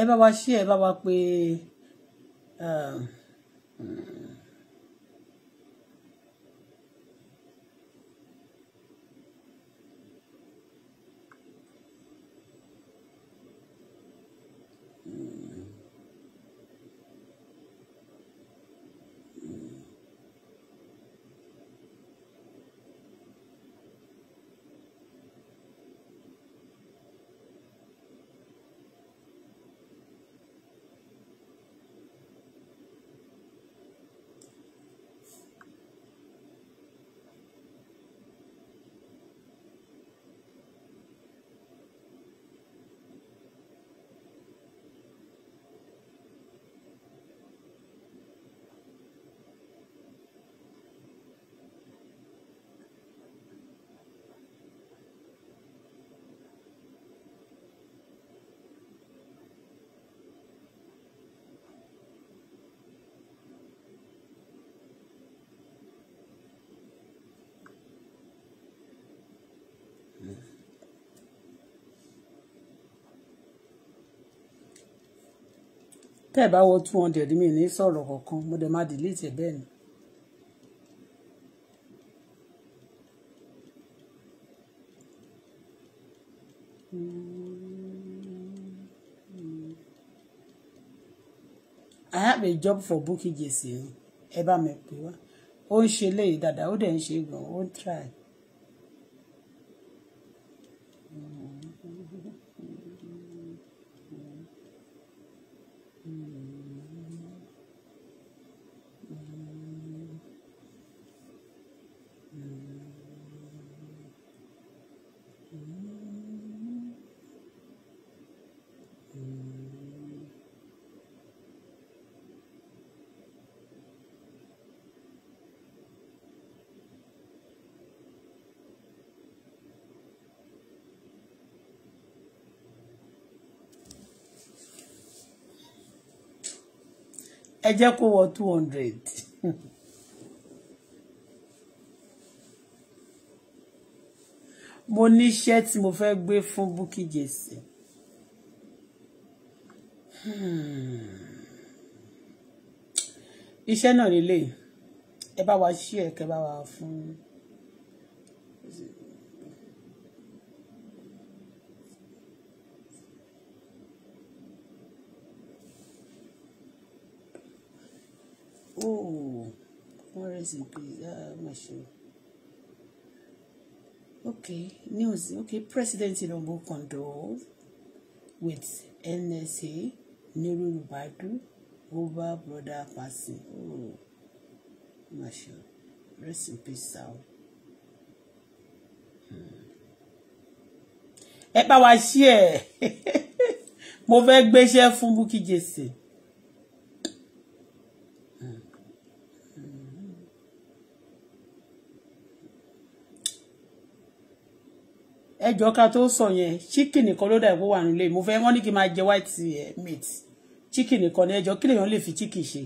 ẹ bá wa ṣí ẹ bá wa pé tẹ́ ẹ̀ bá wọ two hundred mi ní sọ̀rọ̀ kankan mo dẹ̀ máa delete ẹ̀ bẹ́ẹ̀ ni. I have a job for Bukky Jesse ẹ bá mi pè wá ó ń ṣe léyìí dáadáa ó dẹ̀ ń ṣe gan ó ń try. ẹ jẹ́ kó wọ two hundred. mo ní iṣẹ́ tí mo fẹ́ gbé fún Bukky Jesse. Hmm. iṣẹ́ náà nílé ẹ bá wa ṣí ẹ̀ kẹ́ bá wa fún un. Oh, where is it? Ah, my show. Okay, news. Okay, President Tinubu condoled with NSA Nehru Rubadu over brother passing. Oh, my show. Rest in peace, sir. Hmm. Ẹ bá wa ṣí ẹ̀, mo fẹ́ gbéṣẹ́ fún Bukky Jesse. ẹjọ́ ká tó sọ yẹn chicken nìkan ló dà ìpò wà nílé mo fẹ́ wọ́n ní kí n máa jẹ white eh, meat chicken nìkan ní ẹjọ́ kí lèèyàn lè fi chicken ṣe.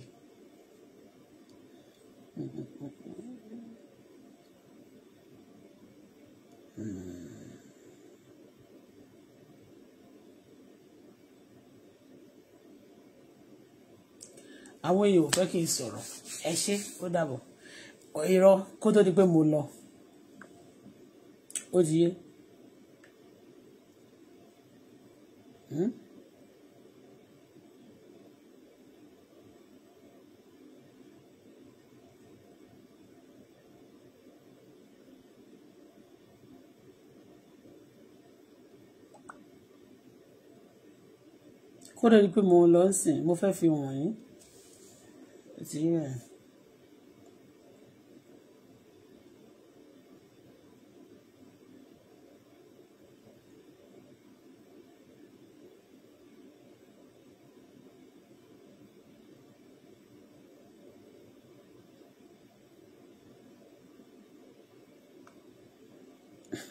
àwọn èèyàn ò fẹ́ kí n sọ̀rọ̀ ẹ ṣé ó dàbọ̀ irọ́ kó tó di pé mo lọ ó ti yé. Hmm? kó lè rí i pé mo lọ sìn mo fẹ́ fi wọ̀nyí.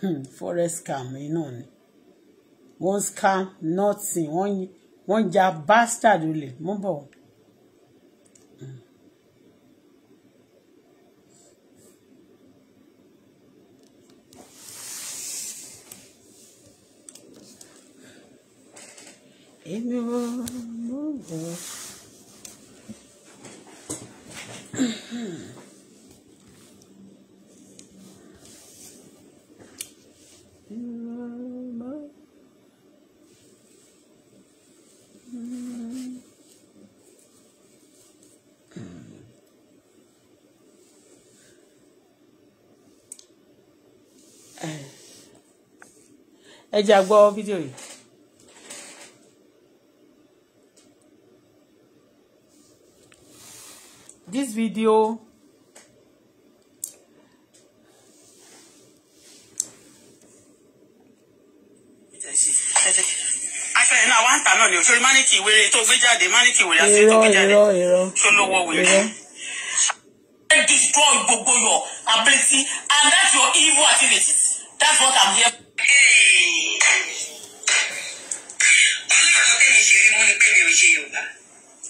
Hmm, forest scam yìí náà ni wọ́n scam nothing wọ́n wọ́n ja bastard olè mú bọ̀. èmi ò mú bọ̀. Hmm. ẹ jẹ́ a gbọ́ fídíò yìí. This video ni o sori to wéré tó gbé jáde mánìkì wéré àti tó gbé jáde ṣolówó wéré. destroy gbogbo your ability and that's your evil activities that's what i'm here. ọlọ́run tẹ́lẹ̀ ṣe rí mú ni pé mi ò ṣe yorùbá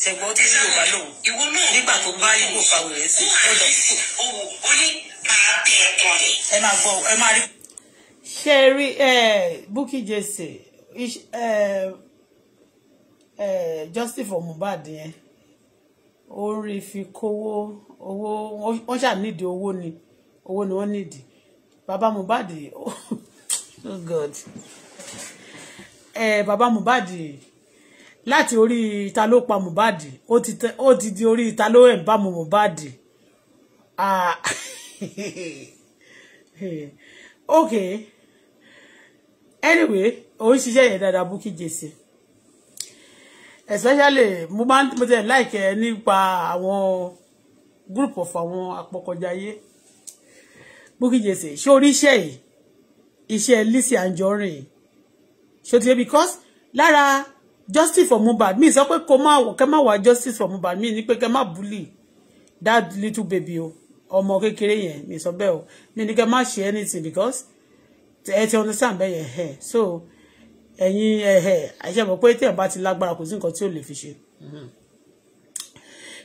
ṣẹ̀gbọ́n tó ní yorùbá lòun ìwọ náà nígbà tó bá ìwò fàwẹ̀rẹ̀ sí ọ̀dọ̀ owó oní máa bẹ̀ ẹ̀kan rẹ̀. ẹ máa gbọ́ ẹ máa rí. ṣe rí Bukky justice for Mohbad yẹn orí fi kówó owó wọ́n ṣà nídìí owó ni owó ni wọ́n nídìí bàbá Mohbad oh, oh God ẹ bàbá Mohbad láti orí ta ló pa Mohbad ó ti di orí ta ló ẹ̀ ń bá Mohbad ah okay anyway òun ṣiṣẹ́ yẹn dáadáa Bukky Jesse especially mo máa ń mo tẹ̀ like ẹ nípa àwọn group of àwọn apọkọjáyé bókìjèsè ṣé oríṣẹ́ yìí iṣẹ́ Lizzy Anjorin ṣó ti yẹ because lára justice for Mohbad mi sọ pé kó má kẹ́ má wá justice for Mohbad mi ni pé kẹ́ má bully that little baby o ọmọ kékeré yẹn mi sọ bẹ́ẹ̀ o mi ni kẹ́ má ṣe anything because ẹ ti understand bẹ́ẹ̀ yẹn so ẹ̀yin ẹ̀hẹ̀ àṣẹ mọ̀ pé tí ẹ̀ bá ti lágbára kò sí nǹkan tí ò lè fi ṣe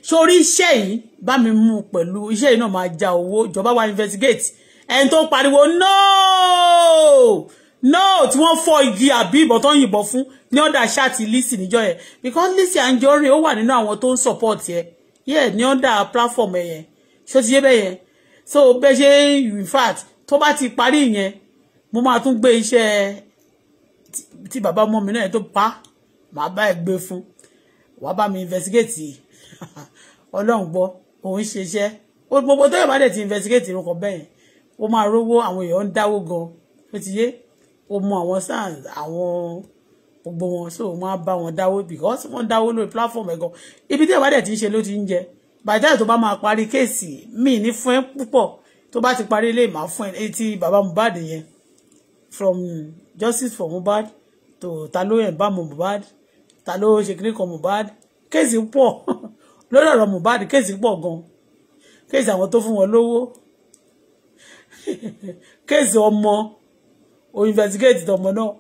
sórí iṣẹ́ yìí bá mi mú pẹ̀lú iṣẹ́ yìí náà máa ja owó ìjọba wa investigate ẹni tó pariwo nóò no, tí wọ́n fọ́ igi àbí ìbọn tó ń yìnbọn fún ní ọ̀dà ṣáàtì Lizzy níjọ́ yẹn because Lizzy Anjorin ó wà nínú àwọn tó ń support yẹ yẹ ní ọ̀dà platform ẹ yẹn ṣó ti yé bẹ́ẹ̀ yẹn so bẹ́ẹ̀ ṣe in fact tó bá ti parí ìyẹn mo máa tún gbé iṣẹ́ tí bàbá ọmọ mi náà tó pa màá bá ẹ gbé fún wàá bá mi investigate ọlọ́run gbọ́ òun ṣiṣẹ́ gbogbo tó yẹ̀ bá ti investigate irun kan bẹ́ẹ̀ ó máa rówó àwọn èèyàn ń dáwó gan ó ti yé ó mọ àwọn stars àwọn gbogbo wọn so wọn á bá wọn dáwó because wọn dáwó lórí platform ẹ̀ gan ibi tí ìwádìí ti ń ṣe ló ti ń jẹ bàjẹ́ tó bá máa parí kéèsì míì ní fún ẹ púpọ̀ tó bá ti parí ilé ìmọ̀ fún ẹ ti bàbá Mohbad yẹn from justice for Mohbad to ta ló yẹn bá Mohbad ta ló ṣe kíní kan Mohbad kéèsì pọ̀ lórí ọ̀rọ̀ Mohbad kéèsì pọ̀ gan kéèsì àwọn tó fún wọn lówó kéèsì ọmọ ò investigate tọmọ náà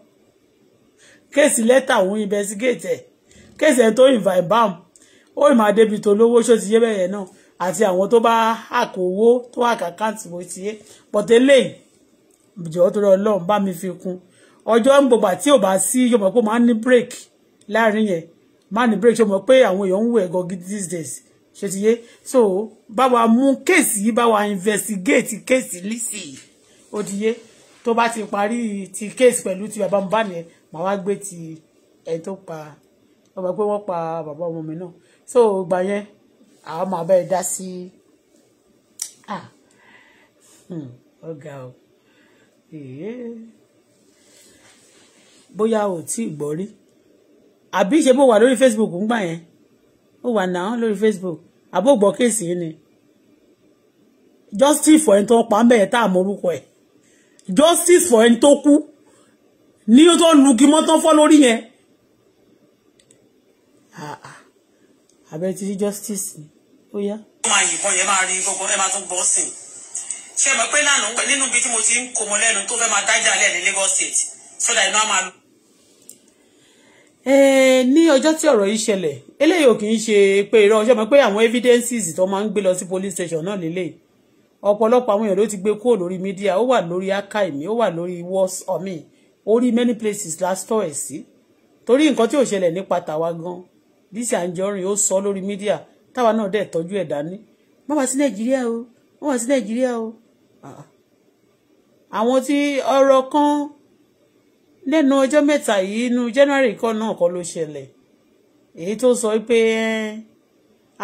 kéèsì lẹ́tà òun investigate ẹ̀ kéèsì ẹ̀ tó ìvà ìbámu ó ì máa débi tó lówó ṣó ti yé bẹ́ẹ̀ náà àti àwọn tó bá hàkó owó tó hàkà káàtì bó ti yé pọ̀tẹ́lẹ̀ ìjọ́ tó rọ ọlọ́run bá mi fi kún ọjọ́ ń gbogbo àti ò bá sí yóò mọ̀ pé máa ń ní break láàrin yẹn máa ní break ṣe mọ̀ pé àwọn èèyàn ń wẹ̀ gan these days ṣe ti yé so bá wa mú kéèsì yìí bá wa investigate kéèsì Lizzy ó ti yé tó bá ti parí ti kéèsì pẹ̀lú ti bàbá mi bá mi yẹn màá wá gbé ti ẹni tó pa ọmọ pé wọ́n pa bàbá ọmọ mi náà so gbà yẹn àwọn máa bẹ́ẹ̀ dá sí ah, hmm, ọ̀gá o bóyá ò tí ì gbọ́ rí àbí ṣe bó wà lórí Facebook ń gbà yẹn ó wà náà lórí Facebook àbó gbọ́ kéèsì yìí ni justice for ẹni tó pa mẹ́ẹ̀ tá àmọ́rúkọ ẹ̀ justice for ẹni tó kú ní ó tó lu kí mọ́tán fọ́ lórí yẹn abẹ́ ti rí justice ó yá. ó máa yìnbọn yẹn máa rí gbogbo ẹ máa tún bọ́ sí i ṣé ẹ mọ̀ pé nínú ibi tí mo ti ń kó mọ lẹ́nu tó fẹ́ máa dájà lẹ́ẹ̀ ní Lagos State so iná máa lọ. Eh, ní ọjọ́ tí ọ̀rọ̀ yìí ṣẹlẹ̀ eléyìí ò kì í ṣe pé irọ́ ọjọ́ mọ́ pé àwọn evidences tó máa ń gbé lọ sí police station náà lélẹ̀ ọ̀pọ̀lọpọ̀ àwọn èèyàn ló ti gbé kúrò lórí media ó wà lórí archive mi ó wà lórí wars omi orí many places last store ẹ̀ sí torí nǹkan tí ò ṣẹlẹ̀ nípa tàwa gan Lizzy Anjorin ó sọ lórí media táwa náà dẹ̀ tọ́jú ẹ̀ dání má wá sí Nàìjíríà o má wá sí Nàìjíríà o àwọn tí ọ̀rọ̀ kan lẹ́nu ọjọ́ mẹ́ta yìí inú January kan náà kọ́ ló ṣẹlẹ̀ èyí tó sọ pé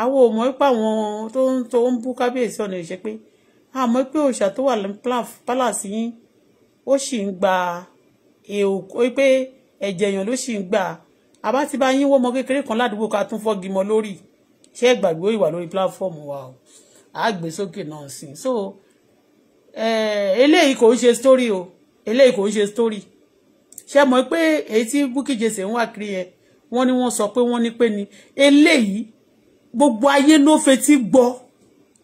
àwọn ò mọ̀ pé àwọn tó ń tó ń bú kábíyèsí ọ̀nà ìṣe pé àmọ́ pé òòṣà tó wà ní palace yín ó sì ń gba èèwọ̀ pé ẹ̀jẹ̀ èèyàn ló sì ń gbà àbá ti bá yín wọ́ ọmọ kékeré kan ládùúgbò ká tún fọ́gi mọ́ lórí ṣé ẹ gbàgbé ìwà lórí platform wa o àá gbé sókè náà sí so eh, eléyìí kò ń ṣe story o eléyìí kò ń ṣe story ṣe mọ̀ pé èyí tí Bukky Jesse ń wà kiri yẹn wọ́n ní wọ́n sọ pé wọ́n ní pé ni eléyìí gbogbo ayé ló fetí gbọ́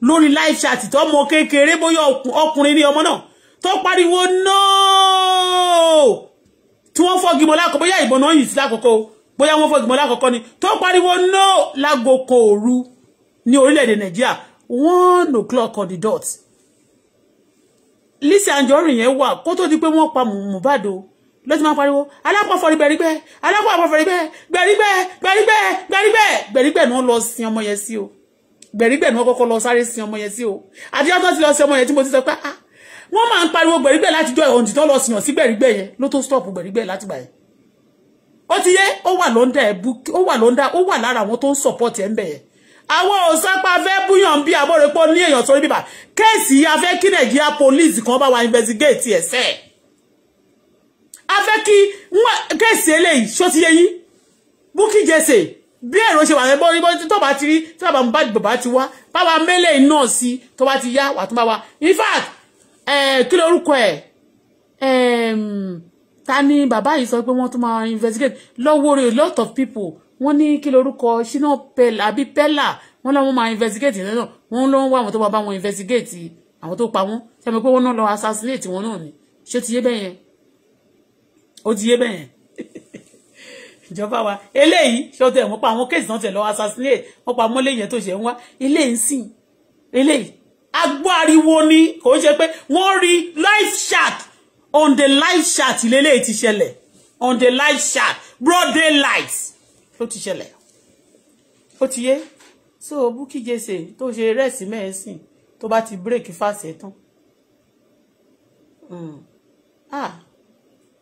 lórí live chat tó ọmọ kékeré bóyá ọkùnrin ní ọmọ náà tó pariwo nóò tí wọ́n fọ́gìmọ̀ lákòókò bóyá ìbọn náà yìí sí lákòókò bóyá wọ́n fọ́gìmọ̀ lákòókò ni tó pariwo nóò lágòókò òru ní orílẹ̀-èdè Nàìjíríà one o'clock on the dot Lizzy Anjorin yẹn wà kó tó di pé wọ́n pa Mohbad ló ti máa pariwo alápọ̀fọ̀ gbẹ̀rígbẹ́ alápọ̀fọ̀ gbẹ̀rígbẹ́ gbẹ̀rígbẹ́ gbẹ̀rígbẹ́ gbẹ̀rígbẹ́ gbẹ̀rígbẹ́ ni wọ́n lọ sin ọmọ yẹn sí o gbẹ̀rígbẹ́ ni wọ́n kọ́kọ́ lọ sáré sin ọmọ yẹn sí o àti ọtọ́ ti lọ sin ọmọ yẹn tí mo ti sọ pé ah wọ́n máa ń pariwo gbẹ̀rígbẹ́ láti jọ ìhòǹdì tó lọ sìyàn sí gbẹ̀rígbẹ́ yẹn ló tó stop gbẹ̀rígbẹ́ láti gbà yẹn ó ti yé ó wà lọ́ndà ẹ̀bú ó wà lọ́ndà ó wà lára àwọn tó ń support ẹ̀ ń bẹ̀ yẹn àwọn òsápá fẹ́ búyàn bí abórepo ní èèyàn sórí bíbà kéèsì afẹ́ kí nàìjíríà police kan bá wa investigate ẹ̀ sẹ́ẹ̀ afẹ́ kí kẹ́sì eléyìí ṣó ti yé yín Bukky Jesse bí èrò ṣe wà ní bọ́ níbọ́ tó bá ti rí tí bàbá mi bá bàbá ti wá bàbá mẹ́lẹ̀ náà sí tó bá ti yá wà tó bá wá in fact kí ló orúkọ ẹ̀ ta ni bàbá yìí sọ pé wọ́n tún máa investigate lọ́wọ́ rẹ̀ lot of people wọ́n ní kí ló orúkọ ṣínà pẹ̀lá àbí pẹ́là wọ́n lọ́wọ́ máa investigate náà wọ́n lọ́wọ́ wá àwọn tó bá bá wọn investigate àwọn tó pa wọ́n ṣe mọ̀ pé wọ́n náà lọ assassinate wọn náà ni ṣé ti yé bẹ́yẹn ó ti yé bẹ́yẹn ìjọba wa eléyìí ṣọtẹ wọn pa àwọn kéèsì náà tẹ lọ assassinate wọn pa mọlẹ yẹn tó ṣe ń wá eléyìí ń sìn eléyìí agbáriwo ni kò ṣe pé wọ́n rí live chat on the live chat lélẹyìí ti ṣẹlẹ̀ on the live chat broad daylight ló ti ṣẹlẹ̀ ó ti yé so Bukky Jesse tó ṣe rẹ́ẹ̀sì mẹ́ẹ̀sìn tó bá ti bírèkì fàṣẹ tán. Mm. Ah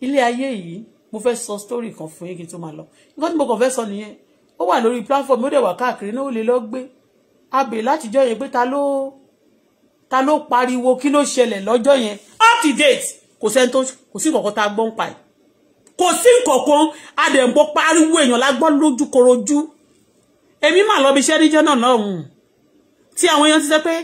ilé ayé yìí mo fẹ́ sọ story kan fún yín kí n tó máa lọ nǹkan tí mo kàn fẹ́ sọ nìyẹn ó wà lórí platform ó dẹ̀ wà káàkiri náà ó lè lọ gbé abè látijọ́ yẹn pé ta ló ta ló pariwo kí ló ṣẹlẹ̀ lọ́jọ́ yẹn up to date kò sẹ́ni tó kò sí nǹkan tá a gbọ́ ń pa ẹ̀ kò sí nǹkan adẹ̀ǹgbọ́ pariwo èèyàn lágbọ́ lójúkorojú èmi mà lọ bí iṣẹ́ níjọ́ náà lọ́hùn-ún tí àwọn èèyàn ti sọ pé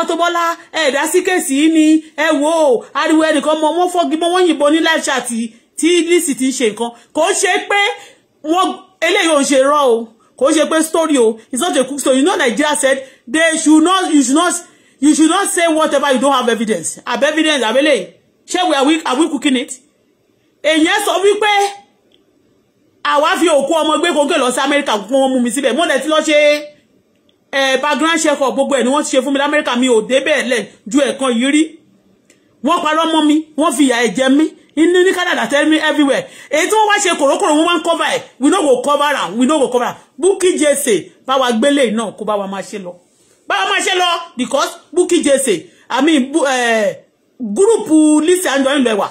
ọtọbọlá ẹ̀dá sí kèsì yìí ni ẹ wò ó ariwo ẹnìkan mọ wọn fọgi mọ wọn yìnbọn ní láìsí àti tí lísì ti ń ṣe nǹkan kò ṣe pé wọn eléyìí ò ń ṣe rọ o kò ṣe pé story o it's not a cook story you know Nigeria said they should not you should not you should not say whatever you don't have evidence have evidence abele ṣé we are we are we cooking it èèyàn sọ wípé àwa fi òkú ọmọ gbé kókè lọ sí Amẹ́ríkà kó wọn mú mi síbẹ̀ mọ́lẹ̀ tí lọ́ọ́ ṣe é ẹ eh, background check up gbogbo ẹ̀ ni wọ́n ti ṣe fún mi lamẹ́ríkà mi ò débẹ̀ lẹ̀ ju ẹ̀kan yìí rí wọ́n parọ́ mọ́ mi wọ́n fi ìyà ẹ̀jẹ̀ mi inú ní Canada tell me everywhere èyí tí wọ́n wá ṣe kòrókòrò wọ́n wá cover ẹ̀ we no go cover am we no go cover am Bukky Jesse bá wa gbélé náà kó bá wa máa ṣe lọ bá wa máa ṣe lọ because Bukky Jesse i mean eh, group Lizzy and lẹ́wà lewa.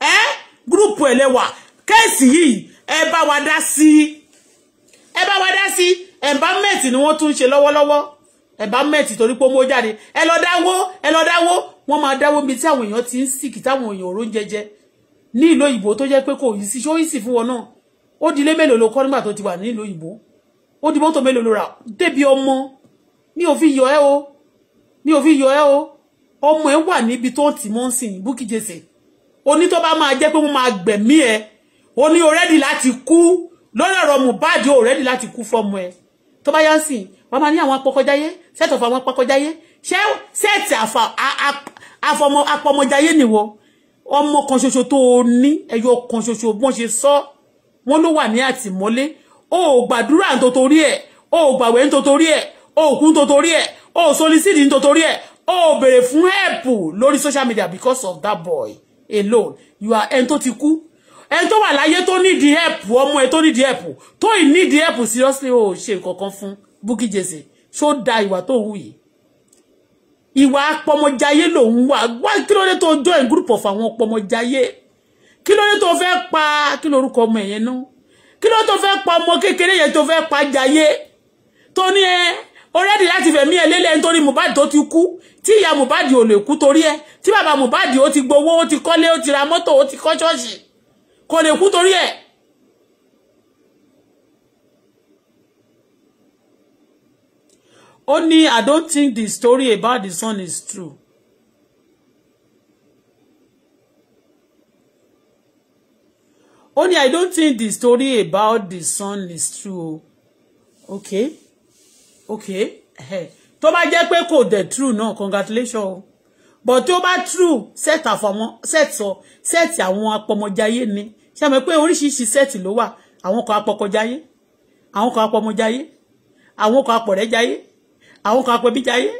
Eh, group lẹ́wà kẹ́ẹ̀sì yìí ẹ bá wa dá sí ẹ bá wa dá sí embankment ni wọ́n tún ṣe lọ́wọ́lọ́wọ́ embankment torí pé ó mú jáde ẹ lọ dáwó ẹ lọ dáwó wọ́n máa dáwó ibi tí àwọn èèyàn ti ń sìkì táwọn èèyàn òró ń jẹjẹ ní ìlú òyìnbó tó jẹ́ pé kò yí sí ṣó yí sí fún wọn náà ó di ilé mélòó lo kọ́ nígbà tó ti wà ní ìlú òyìnbó ó di mọ́tò mélòó lo rà débi ọmọ mi ò fi yọ ẹ́ o mi ò fi yọ ẹ́ o ọmọ ẹ wà níbi tó ti mọ́ sí i Bukky Jesse oní tó bá máa jẹ́ pé mo máa gbẹ̀mí ẹ o ní o rẹ́dì láti kú ọ̀rọ̀ Mohbad o rẹ́dì láti kú fọ́mọ ẹ To bá yá sí wọn máa ní àwọn apọkọjáyé set of àwọn apọkọjáyé ṣé set àfọmọ apọmọjáyé nìwọ ọmọ kan ṣoṣo tó o ní ẹyọ kan ṣoṣo bọ́n ṣe sọ wọn ló wa ní àtìmọ́lé o ò gbàdúrà nítorí ẹ o ò gbàwẹ̀ nítorí ẹ o ò kú nítorí ẹ o ò solicit nítorí ẹ o ò béèrè help lórí social media because of that boy alone you are ẹni tó ti kú ẹni tó wà láyé tó nídìí help ọmọ ẹ tó nídìí help tó ì nídìí help seriously ò ṣe nǹkan kan fún Bukky Jesse ṣó da ìwà tó wù yìí ìwà apọmọjayé lòun wà wá kí ló dé tó join group of àwọn apọmọjayé kí ló dé tó fẹ́ pa kí lórúkọ ọmọ ẹ̀yẹn náà kí ló tó fẹ́ pa ọmọ kékeré yẹn tó fẹ́ pa jayé tó ní ẹ already láti fẹ̀mí ẹ lélẹ̀ nítorí Mohbad tó ti kú tí ìyá Mohbad ò lè kú torí ẹ tí bàbá Mohbad ó ti gbowó ó ti kọ́lé ó ti ra moto ó ti kọ́ ṣọ́ọ̀ṣì kò lè kú torí ẹ̀. ó ní I don't think the story about the son is true. ó ní I don't think the story about the son is true o okay okay tó bá jẹ́ pé kò dẹ̀ true náà congratulations o but tó bá true set àfọmọ set sọ set àwọn apọmọjáyé ni ṣe mọ̀ pé oríṣiríṣi set ló wà àwọn kan apọkọjáyé àwọn kan apọmọjáyé àwọn kan apọ̀rẹ́jáyé àwọn kan apẹbíjáyé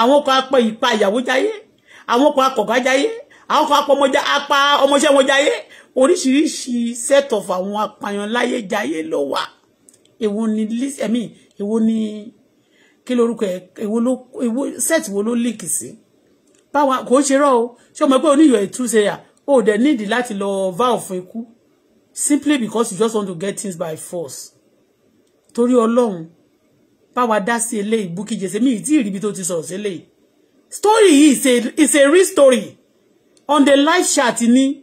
àwọn kan apọ ìpa ìyàwó jáyé àwọn kan akọ̀gájáyé àwọn kan apọmọjá apá ọmọṣẹ́ wọn jáyé oríṣiríṣi set of àwọn apàyànláyé jáyé ló wà èwo ni list i mean èwo ni kiloruko lorúkọ lo èwo ló èwo set wo ló líkì Si báwa kò ṣe rọ o ṣé o mọ̀ pé oníyọ̀ ìtúsẹ̀yà o dẹ̀ nídìí láti lọ vow fún ikú simply because you just want to get things by force torí ọlọ́run báwa dá sí eléyìí Bukky Jesse mi ìtí ìrìbí tó ti sọ̀rọ̀ sí eléyìí story yìí is a is a real story on the live chat ni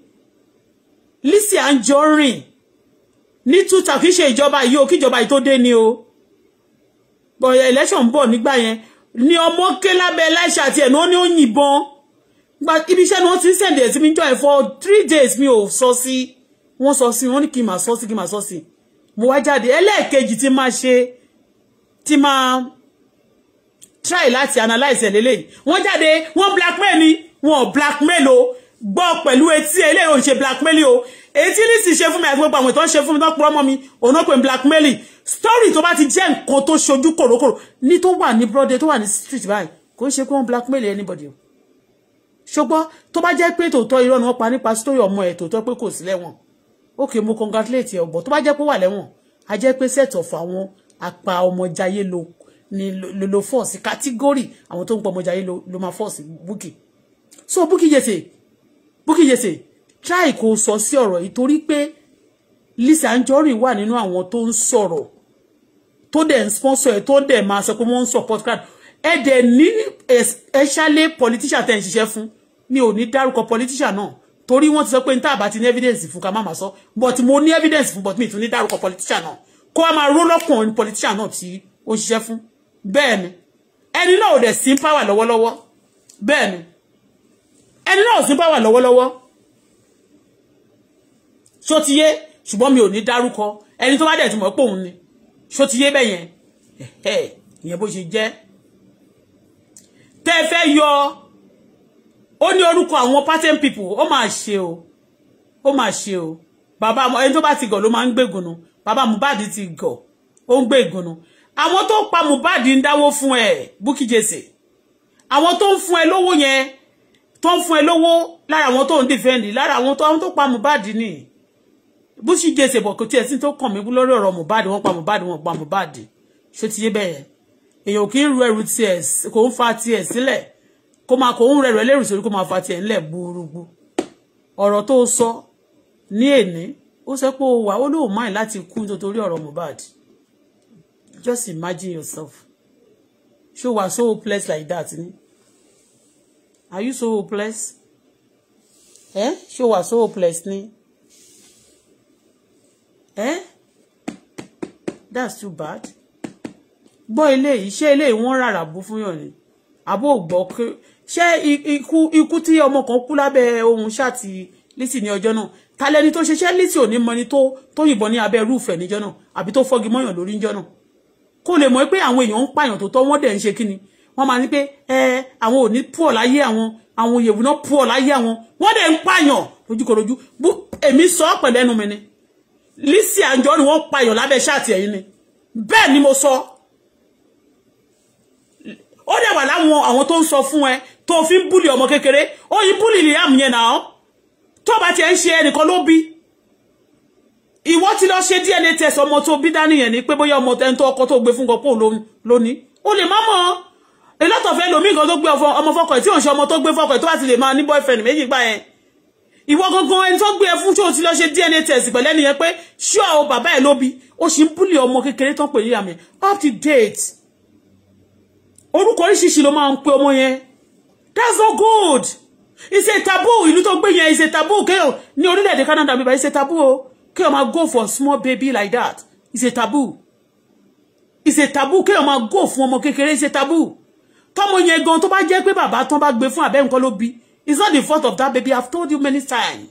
Lizzy Anjorin ní two thousand kì í ṣe ìjọba yìí o kí ìjọba yìí tó dé ni o but election bọ̀ nígbà yẹn ni ọmọ ké lábẹ́ Elisha àti ẹ̀nà ó ní ó yìnbọn ibi iṣẹ́ ni wọ́n ti ń sẹ̀ǹdẹ̀ sí mi jọ ẹ̀ for three days mi ò sọ sí wọ́n sọ sí wọ́n ní kí n máa sọ sí kí n máa mo wá jáde ẹlẹ́ẹ̀kejì tí máa ṣe tí máa try láti analyze ẹ̀ lélẹ́yìí wọ́n jáde wọ́n blackmail ni wọ́n blackmail o gbọ́ pẹ̀lú etí eléyìí ò ń ṣe blackmail o èyí tí ní sì ṣe fún mi àti gbogbo àwọn ìtọ́ ń ṣe mi tó ń mi òun náà blackmail story tó bá ti jẹ́ nǹkan tó ṣojú kòrókòrò ní tó wà ní broadway tó wà ní street báyìí kò ń ṣe blackmail anybody o ṣùgbọ́n tó bá jẹ́ pé tòótọ́ irọ́ ni wọ́n pa nípa story ọmọ ẹ̀ tòótọ́ pé kò sí lẹ́wọ̀n ok mo congratulate ẹ̀ ọ̀bọ̀ tó bá jẹ́ pé wà lẹ́wọ̀n a jẹ́ pé set of àwọn apá ọmọjayé lo ni lo lo force category àwọn tó ń pọ̀ ọmọjayé lo lo ma force Bukky so Bukky yese, Bukky yese. try kò sọ sí ọ̀rọ̀ yìí torí Lizzy Anjorin wà nínú àwọn tó ń sọ̀rọ̀ tó dẹ̀ ń sponsor ẹ̀ tó dẹ̀ máa sọ pé wọ́n ń support card ẹ dẹ̀ ní ẹ̀ṣálẹ̀ politician tẹ̀ ń ṣiṣẹ́ fún mi ò ní dárúkọ politician náà torí wọ́n ti sọ pé n tá ti ní evidence fún ká má máa sọ but mo ní evidence fún but mi tún ní dárúkọ politician náà kó a máa ró lọ́kàn politician náà tí ó ṣiṣẹ́ fún bẹ́ẹ̀ ni ẹni náà ò dẹ̀ sí power lọ́wọ́lọ́wọ́ bẹ́ẹ̀ ni ẹni náà ò sí power lọ́wọ́lọ́wọ́ ṣó ti yé ṣùgbọ́n mi ò ní dárúkọ ẹni tó bá dẹ̀ ti mọ̀ pé ni ṣó ti yé bẹ́ẹ̀ yẹn ìyẹn bó ṣe jẹ́ tẹ́ ẹ fẹ́ yọ ó ní orúkọ àwọn pattern people ó máa ṣe o ó máa ṣe o bàbá ẹni tó bá ti gọ̀ ló máa ń gbégun nu bàbá Mohbad ti gọ̀ ó ń gbégun nu àwọn tó pa Mohbad ń dáwó fún ẹ Bukky Jesse àwọn tó ń fún ẹ lówó yẹn tó ń fún ẹ lówó lára àwọn tó ń dìfẹ́ǹdì lára àwọn tó pa Mohbad nìyí bó ṣì jẹ́ ìṣèbọ̀ kò tiẹ̀ sí tó kàn mí lórí ọ̀rọ̀ Mohbad wọ́n pa Mohbad wọ́n pa Mohbad ṣó ti yé bẹ́ẹ̀ èèyàn kì í ru ẹrù tiẹ̀ kò ń fa tiẹ̀ sílẹ̀ kó máa kò ń rẹrù ẹlẹ́rù sórí kó máa fa tiẹ̀ ńlẹ̀ gbúrúgbú ọ̀rọ̀ tó sọ ní èní ó sọ pé ó wà ó lóun máì láti kú nítorí ọ̀rọ̀ Mohbad just imagine yourself ṣó wà so hopeless like that ni are you so hopeless ẹ eh? ṣó wà so hopeless ni. Eh? eh that's too bad gbọ́ eléyìí ṣé eléyìí wọ́n rárá bú fún yàn ni àbó ògbọ́ pé ṣé ikú ikú tí ọmọ kan kú lábẹ́ ohun ṣáàtì lítì ní ọjọ́ náà ta lẹni tó ṣe lítì ò mọ ni tó tó yìnbọn ní abẹ́ rúfẹ̀ níjọ́ náà àbí tó fọ́gi mọ́yàn lórí níjọ́ náà kó lè mọ̀ pé àwọn èèyàn ń pààyàn tó tọ́ wọ́n dẹ̀ ń ṣe kíni wọ́n máa ní pé ẹ àwọn ò ní pọ̀ láyé àwọn àwọn òyèwù náà pọ̀ láyé àwọn wọ́n dẹ̀ ń pààyàn lójúkọ̀ọ́lójú bú èmi sọ pẹ̀lẹ́nu mi ni Lizzy Anjorin wọ́n pa èèyàn lábẹ́ ṣáàtì ẹ̀yìn ni bẹ́ẹ̀ ni mo sọ ó dẹ̀ wà láwọn àwọn tó ń sọ fún ẹ tó fi ń búlì ọmọ kékeré ó yí búlì Liam yẹn náà tó bá tiẹ̀ ń ṣe ẹnìkan ló bí ìwọ ti lọ ṣe DNA test ọmọ tó bí dání yẹn ni pé bóyá ọmọ ẹni tó ọkọ tó gbé fún gọpọ lónìí ó lè má mọ a lot of ẹlòmíì kan tó gbé ọmọ fọkọ ẹ tí òun ṣe ọmọ tó gbé fọkọ ẹ tó bá ti lè máa ní boyfriend meji gbà yẹn ìwọ gangan ẹni tó gbé ẹ fún tí o ti lọ ṣe DNA test pẹ̀lú ẹni yẹn pé ṣúà o bàbá ẹ ló bí ó sì ń búlì ọmọ kékeré tán pè ní àmì up to date orúkọ oríṣiríṣi ló máa ń pe ọmọ yẹn that's not good it's a taboo ìlú tó gbé yẹn it's a taboo kéèyàn ní orílẹ̀-èdè Canada bíbá it's a taboo o kéèyàn máa go for small baby like that it's a taboo it's a taboo kéèyàn máa go fún ọmọ kékeré it's a taboo tọmọ yẹn gan tó bá jẹ́ pé bàbá tán bá gbé fún àbẹ́ nǹkan ló bí It's not the fault of that baby. I've told you many times.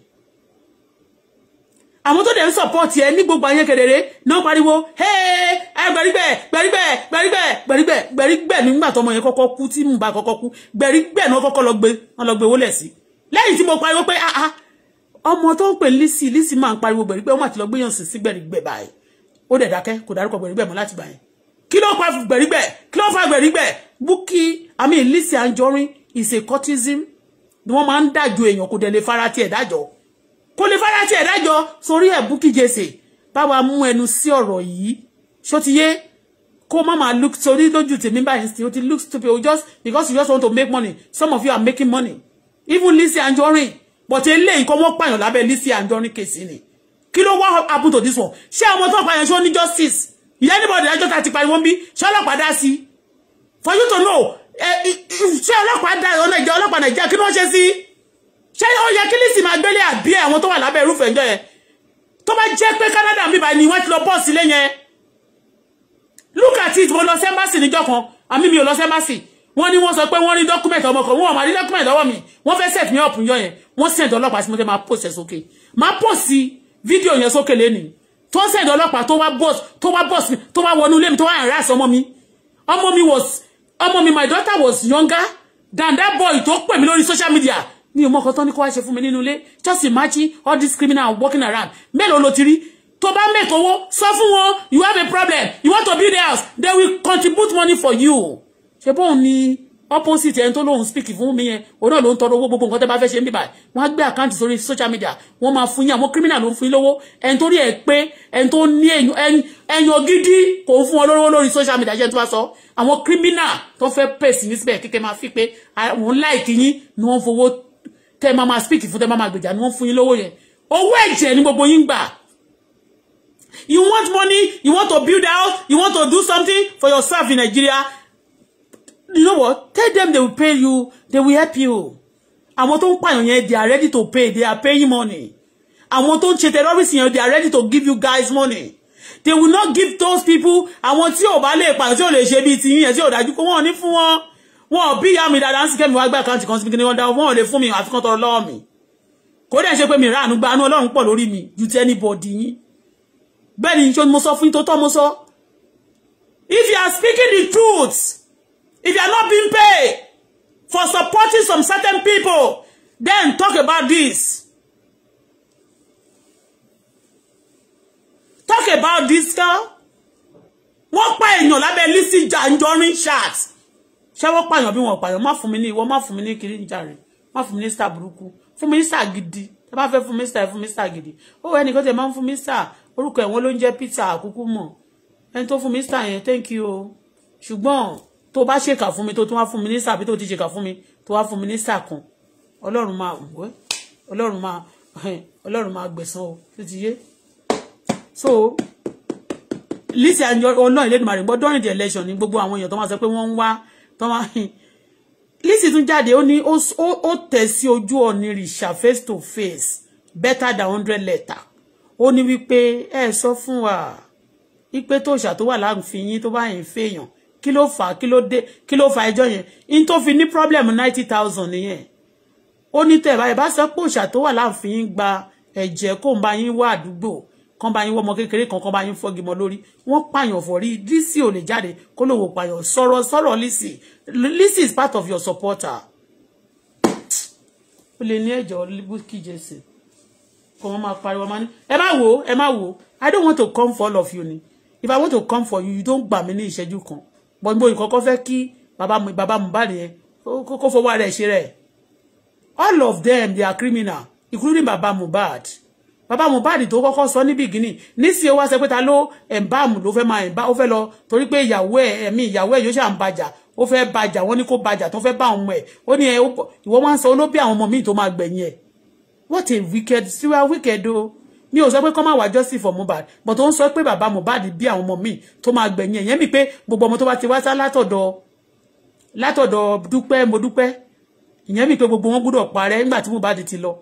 Àwọn tó dẹ̀ ń support ẹ ní gbogbo ayé kedere náà pariwo gbẹ̀rígbẹ̀ gbẹ̀rígbẹ̀ gbẹ̀rígbẹ̀ gbẹ̀rígbẹ̀ gbẹ̀rígbẹ̀ nígbà tọmọ yẹn kọ́kọ́ kú tí mùbá kọ́kọ́ kú gbẹ̀rígbẹ̀ náà kọ́kọ́ lọ gbé wọn lọ gbé owó lẹ̀ sí. Lẹ́yìn tí mo pariwo pé ah ah ọmọ tó ń pè lísì lísì máa ń pariwo gbẹ̀rígbẹ̀ wọn àti lọ see, sí sí gbẹ̀rígbẹ̀ báyìí ó dẹ̀ dákẹ́ kò dárúkọ gbẹ̀rígbẹ̀ mọ́ láti báyìí kí ló pa gbẹ̀rígbẹ̀ kí ló fa gbẹ̀rígbẹ̀ Bukky I mean and Anjorin is a courtesan ni wọ́n máa ń dájọ́ èèyàn kò dẹ̀ lè fara tiẹ̀ dájọ́ kò lè fara tiẹ̀ dájọ́ sórí ẹ̀ Bukky Jesse bá wa mú ẹnu sí ọ̀rọ̀ yìí ṣó ti yé kó má máa look torí lójú tèmi báyìí sí o ti look stupid o just because you just want to make money some of you are making money even Lizzy Anjorin but eléyìí kọ́ wọ́n pààyàn lábẹ́ Lizzy Anjorin kèsì ni kí ló wá happen to this one ṣé ọmọ tó pààyàn ṣó ní justice ìyá anybody dájọ́ tá a ti pariwo bí ṣé ọlọ́pàá dá sí for you to know ṣé ọlọ́pàá dá ọ̀nà ìjọ ọlọ́pàá nàìjíríà kí ni wọ́n ṣe sí ṣé ó yẹ kí lísì máa gbélé àbí àwọn tó wà lábẹ́ irúfẹ́ ìjọ yẹn tó bá jẹ́ pé Canada mi bá ní wọ́n ti lọ bọ́ sílé yẹn look at it mo lọ sí embassy níjọ́ kan àmì mi ò lọ sí embassy wọ́n ní wọ́n sọ pé wọ́n rí document ọmọ kan wọ́n wà rí document lọ́wọ́ mi wọ́n fẹ́ set me up yọ yẹn wọ́n send ọlọ́pàá sí mo fẹ́ máa post ẹ̀ sókè máa post fídíò yẹn sókè lẹ́nìí tó send ọlọ́pàá tó wá bọ́s tó wá bọ́s tó wá wọnú ilé mi tó wá harass ọmọ mi ọmọ mi was ọmọ mi my daughter was younger than that boy tó pè mí lórí social media mi ò mọ nǹkan tán ní kó wá ṣe fún mi nínú ilé just imagine all these criminals walking around mélòó ló ti rí tó bá make owó sọ fún wọn you have a problem you want to build a house they will contribute money for you ṣe bóun ni opposite ẹni tó lóun speak fún mi yẹn òun náà ló ń tọrọ owó gbogbo nǹkan tẹ́ bá fẹ́ ṣe ń bíbà wọ́n á gbé àkáǹtì sórí social media wọ́n máa fún yín àwọn criminal ló ń fún yín lówó ẹni tó rí ẹ pé ẹni tó ní ẹyàn gidi kò ń fún wọn lówó lórí social media ṣe ń tó bá sọ àwọn criminal tó fẹ́ pèsè ní síbẹ̀ kékeré máa fi pé àwọn láìkì yín ni wọ́n fowó tẹ́ máa máa speak fún tẹ́ máa máa gbèjà ni wọ́n fún yín lówó yẹn owó ẹ̀jẹ̀ ni gbogbo yín gbà You want money, you want to build out, you want to do something for yourself in Nigeria you know what tell them they will pay you they will help you àwọn tó pay on here? they are ready to pay they are paying money àwọn tó ń ṣe terrorist yẹn they are ready to give you guys money they will not give those people àwọn tí ò bá lè pààyàn tí ò lè ṣe bíi ti yín yẹn tí ò dájú pé wọn ò ní fún wọn wọn ò bí ìyá mi dáadáa ń sì kẹ́mi wá gbà àkáǹtì kan síbi kí ni wọ́n dá wọn ò lè fún mi àfikún tọrọ lọ́wọ́ mi kò dẹ̀ ṣe pé mi ráàánú gba anú ọlọ́run pọ̀ lórí mi ju ti anybody yín bẹ́ẹ̀ ni mo sọ fún yín tó tọ́ mo sọ if you are speaking the truth If you are not being paid for supporting some certain people, then talk about this. Talk about this girl. Wọ́n pa èèyàn lábẹ́ Lizzy Anjorin chat. Ṣé wọ́n pààyàn bí wọ́n pààyàn? Má fún mi ní ìwọ, má fún mi ní kiri ń jàre. Má fún mi ní star burúkú. Fún mi ní star gidi. Tá bá fẹ́ fún mi star, fún mi star gidi. Ó ẹnìkan tẹ̀ máa ń fún mi star. Orúkọ ẹ̀wọ̀n ló ń jẹ́ Peter Àkúkú mọ̀. Ẹni tó fún mi star yẹn, thank you o. Ṣùgbọ́n tó bá ṣèkà fún mi tó tún wá fún mi ní sáà bí tó ti ṣèkà fún mi tó wá fún mi kan ọlọ́run máa wẹ́ ọlọ́run máa ọlọ́run máa gbẹ̀san o tó ti yé so Lizzy Anjorin ọlọ́run Elédùmarè gbọ́ during the election ni gbogbo àwọn èèyàn tó máa sọ pé wọ́n ń wá tó máa Lizzy tún jáde ó ní ó tẹ̀ sí ojú ọ̀nì rìṣà face to face better than hundred letter ó ní wípé ẹ sọ fún wa wípé tó ṣà láàfin yín tó bá yẹn fèèyàn kí ló fà kí ló dé kí ló fa ẹjọ́ yẹn in tó fi ní problem ninety thousand nìyẹn ó ní tẹ̀ báyìí bá sọ pé òòṣà tó wà láàfin yín gba ẹ̀jẹ̀ kó ń bá yín wá àdúgbò kan bá yín wọ́mọ kékeré kan kan bá yín fọ́gi mọ́ lórí wọ́n pààyàn fọ̀ rí Lizzy ò lè jáde kó lòwò pààyàn sọ̀rọ̀ sọ̀rọ̀ Lizzy Lizzy is part of your supporter ó lè ní ẹ̀jọ̀ Bukky Jesse kò wọ́n máa pariwo máa ní ẹ má wò ẹ má wò I don't want to come for all of you ni if I want to come for you you don't gbà mí ní ìṣẹ́jú kan bọ́n gbóyè kọ́kọ́ fẹ́ kí bàbá mu bàbá Mohbad yẹn kó fọwọ́ rẹ̀ ṣe rẹ̀ all of them they are criminal including bàbá Mohbad bàbá Mohbad tó kọ́kọ́ sọ ní bìgínì nísìnyí ó wá sọ pé ta ló ẹ̀ǹbàmù ló fẹ́ máa ẹ̀ǹbà ó fẹ́ lọ torí pé ìyàwó ẹ̀ ẹ̀mí ìyàwó ẹ̀ yóò ṣà ń bàjà ó fẹ́ bàjà wọ́n ní kó bàjà tó fẹ́ bá àwọn ọmọ ẹ̀ ó ní ẹ̀ ìwọ máa ń sọ olóbí àwọn ọmọ míì tó máa gbẹ̀yìn ẹ̀ what a wicked serial wicked o. Oh mi ò sọ pé kọ́ máa wá justice for mobile, but ó ń baba mobile di Mohbad bí àwọn ọmọ míì tó máa gbẹ̀yìn ẹ̀yẹ́ mi pé gbogbo ọmọ tó bá ti wá sá látọ̀dọ̀ látọ̀dọ̀ dúpẹ́ mo dúpẹ́ ìyẹn mi pé gbogbo wọn gbúdọ̀ parẹ́ nígbà tí Mohbad ti lọ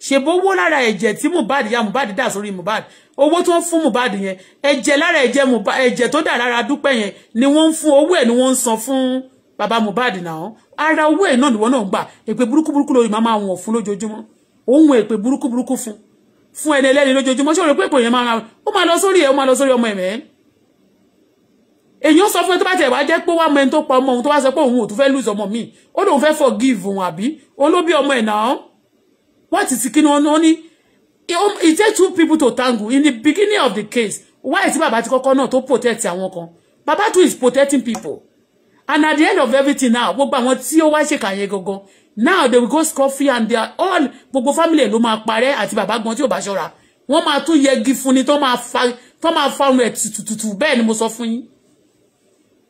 ṣèbówó lára ẹ̀jẹ̀ tí Mohbad ya mobile dà sórí Mohbad owó tó ń fún Mohbad yẹn ẹ̀jẹ̀ eje ẹ̀jẹ̀ Mohbad ẹ̀jẹ̀ tó dà lára dúpẹ́ ni wọ́n ń fún owó ni wọ́n ń san fún bàbá Mohbad náà ara owó ẹ̀ náà ni wọ́n náà ń gbà èpè burúkú burúkú lórí màmá wọn fún lójoojúmọ́ òun èpè burúkú burúkú fún fún ẹni ẹlẹ́ni lójoojúmọ́ ṣé o rò pé èpò yẹn máa ra ó máa lọ sórí ẹ̀ ó máa lọ sórí ọmọ ẹ̀mẹ́ èyí ó sọ fún ẹ tó bá tẹ̀ wá jẹ́ pé wá mọ ẹni tó pa ọmọ òun tó bá sọ pé òun ò tún fẹ́ lùz ọmọ mi ó lóun fẹ́ forgive òun àbí olóbi ọmọ ẹ̀ náà wọ́n ti sì kí ní it takes two people to tango in the beginning of the case why tí bàbá ti kọ́kọ́ náà tó protect àwọn kan bàbá too is protecting people and at the end of everything now gbogbo àwọn tí ó wá ṣèkà yẹn gangan now they will go scruffy and they are all gbogbo family ló máa parẹ́ àti bàbá gan tí ò bá ṣọ́ra wọ́n máa tún yẹgi fún ni tó máa fa to máa fa ohun ẹ̀ tututu bẹ́ẹ̀ ni mo sọ fún yín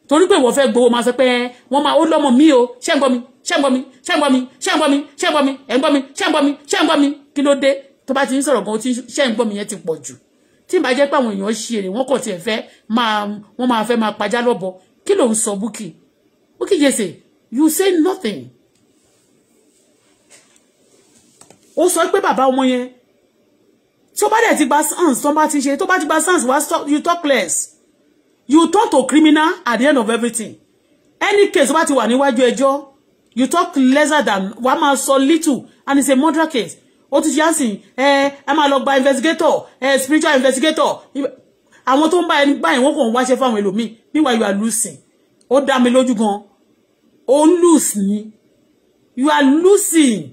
torí pé wọ́n fẹ́ gbowó máa sọ pé wọ́n máa ó lọ́mọ mi o ṣé ń gbọ́ mi ṣé ń gbọ́ mi ṣé ń gbọ́ mi ṣé ń gbọ́ mi ṣé ń gbọ́ mi ẹ̀ ń gbọ́ mi ṣé ń gbọ́ mi ṣé ń gbọ́ mi kí ló dé tó bá ti ń sọ̀rọ̀ gan tí ṣé ń mi yẹn ti pọ̀ jù tí ìbá jẹ́ pé àwọn èèyàn ṣe èrè wọ́n kàn tiẹ̀ fẹ́ máa wọ́n máa fẹ́ máa pajá lọ́bọ kí ló ń sọ you say nothing ó sọ pé bàbá ọmọ yẹn tó bá dẹ̀ ti gba sans tó bá ti ṣe tó bá ti gba sans wá you talk less you talk to criminal at the end of everything any case bá ti wà níwájú ẹjọ́ you talk lesser than wàá máa sọ little and it's a murder case ó ti ṣe àsìn ẹ ẹ máa lọ gba investigator ẹ spiritual investigator àwọn tó ń bá ẹni báyìí wọn kò ń wáṣẹ fáwọn ẹlòmíì meanwhile you are losing ó dá mi lójú gan ó lose ni you are losing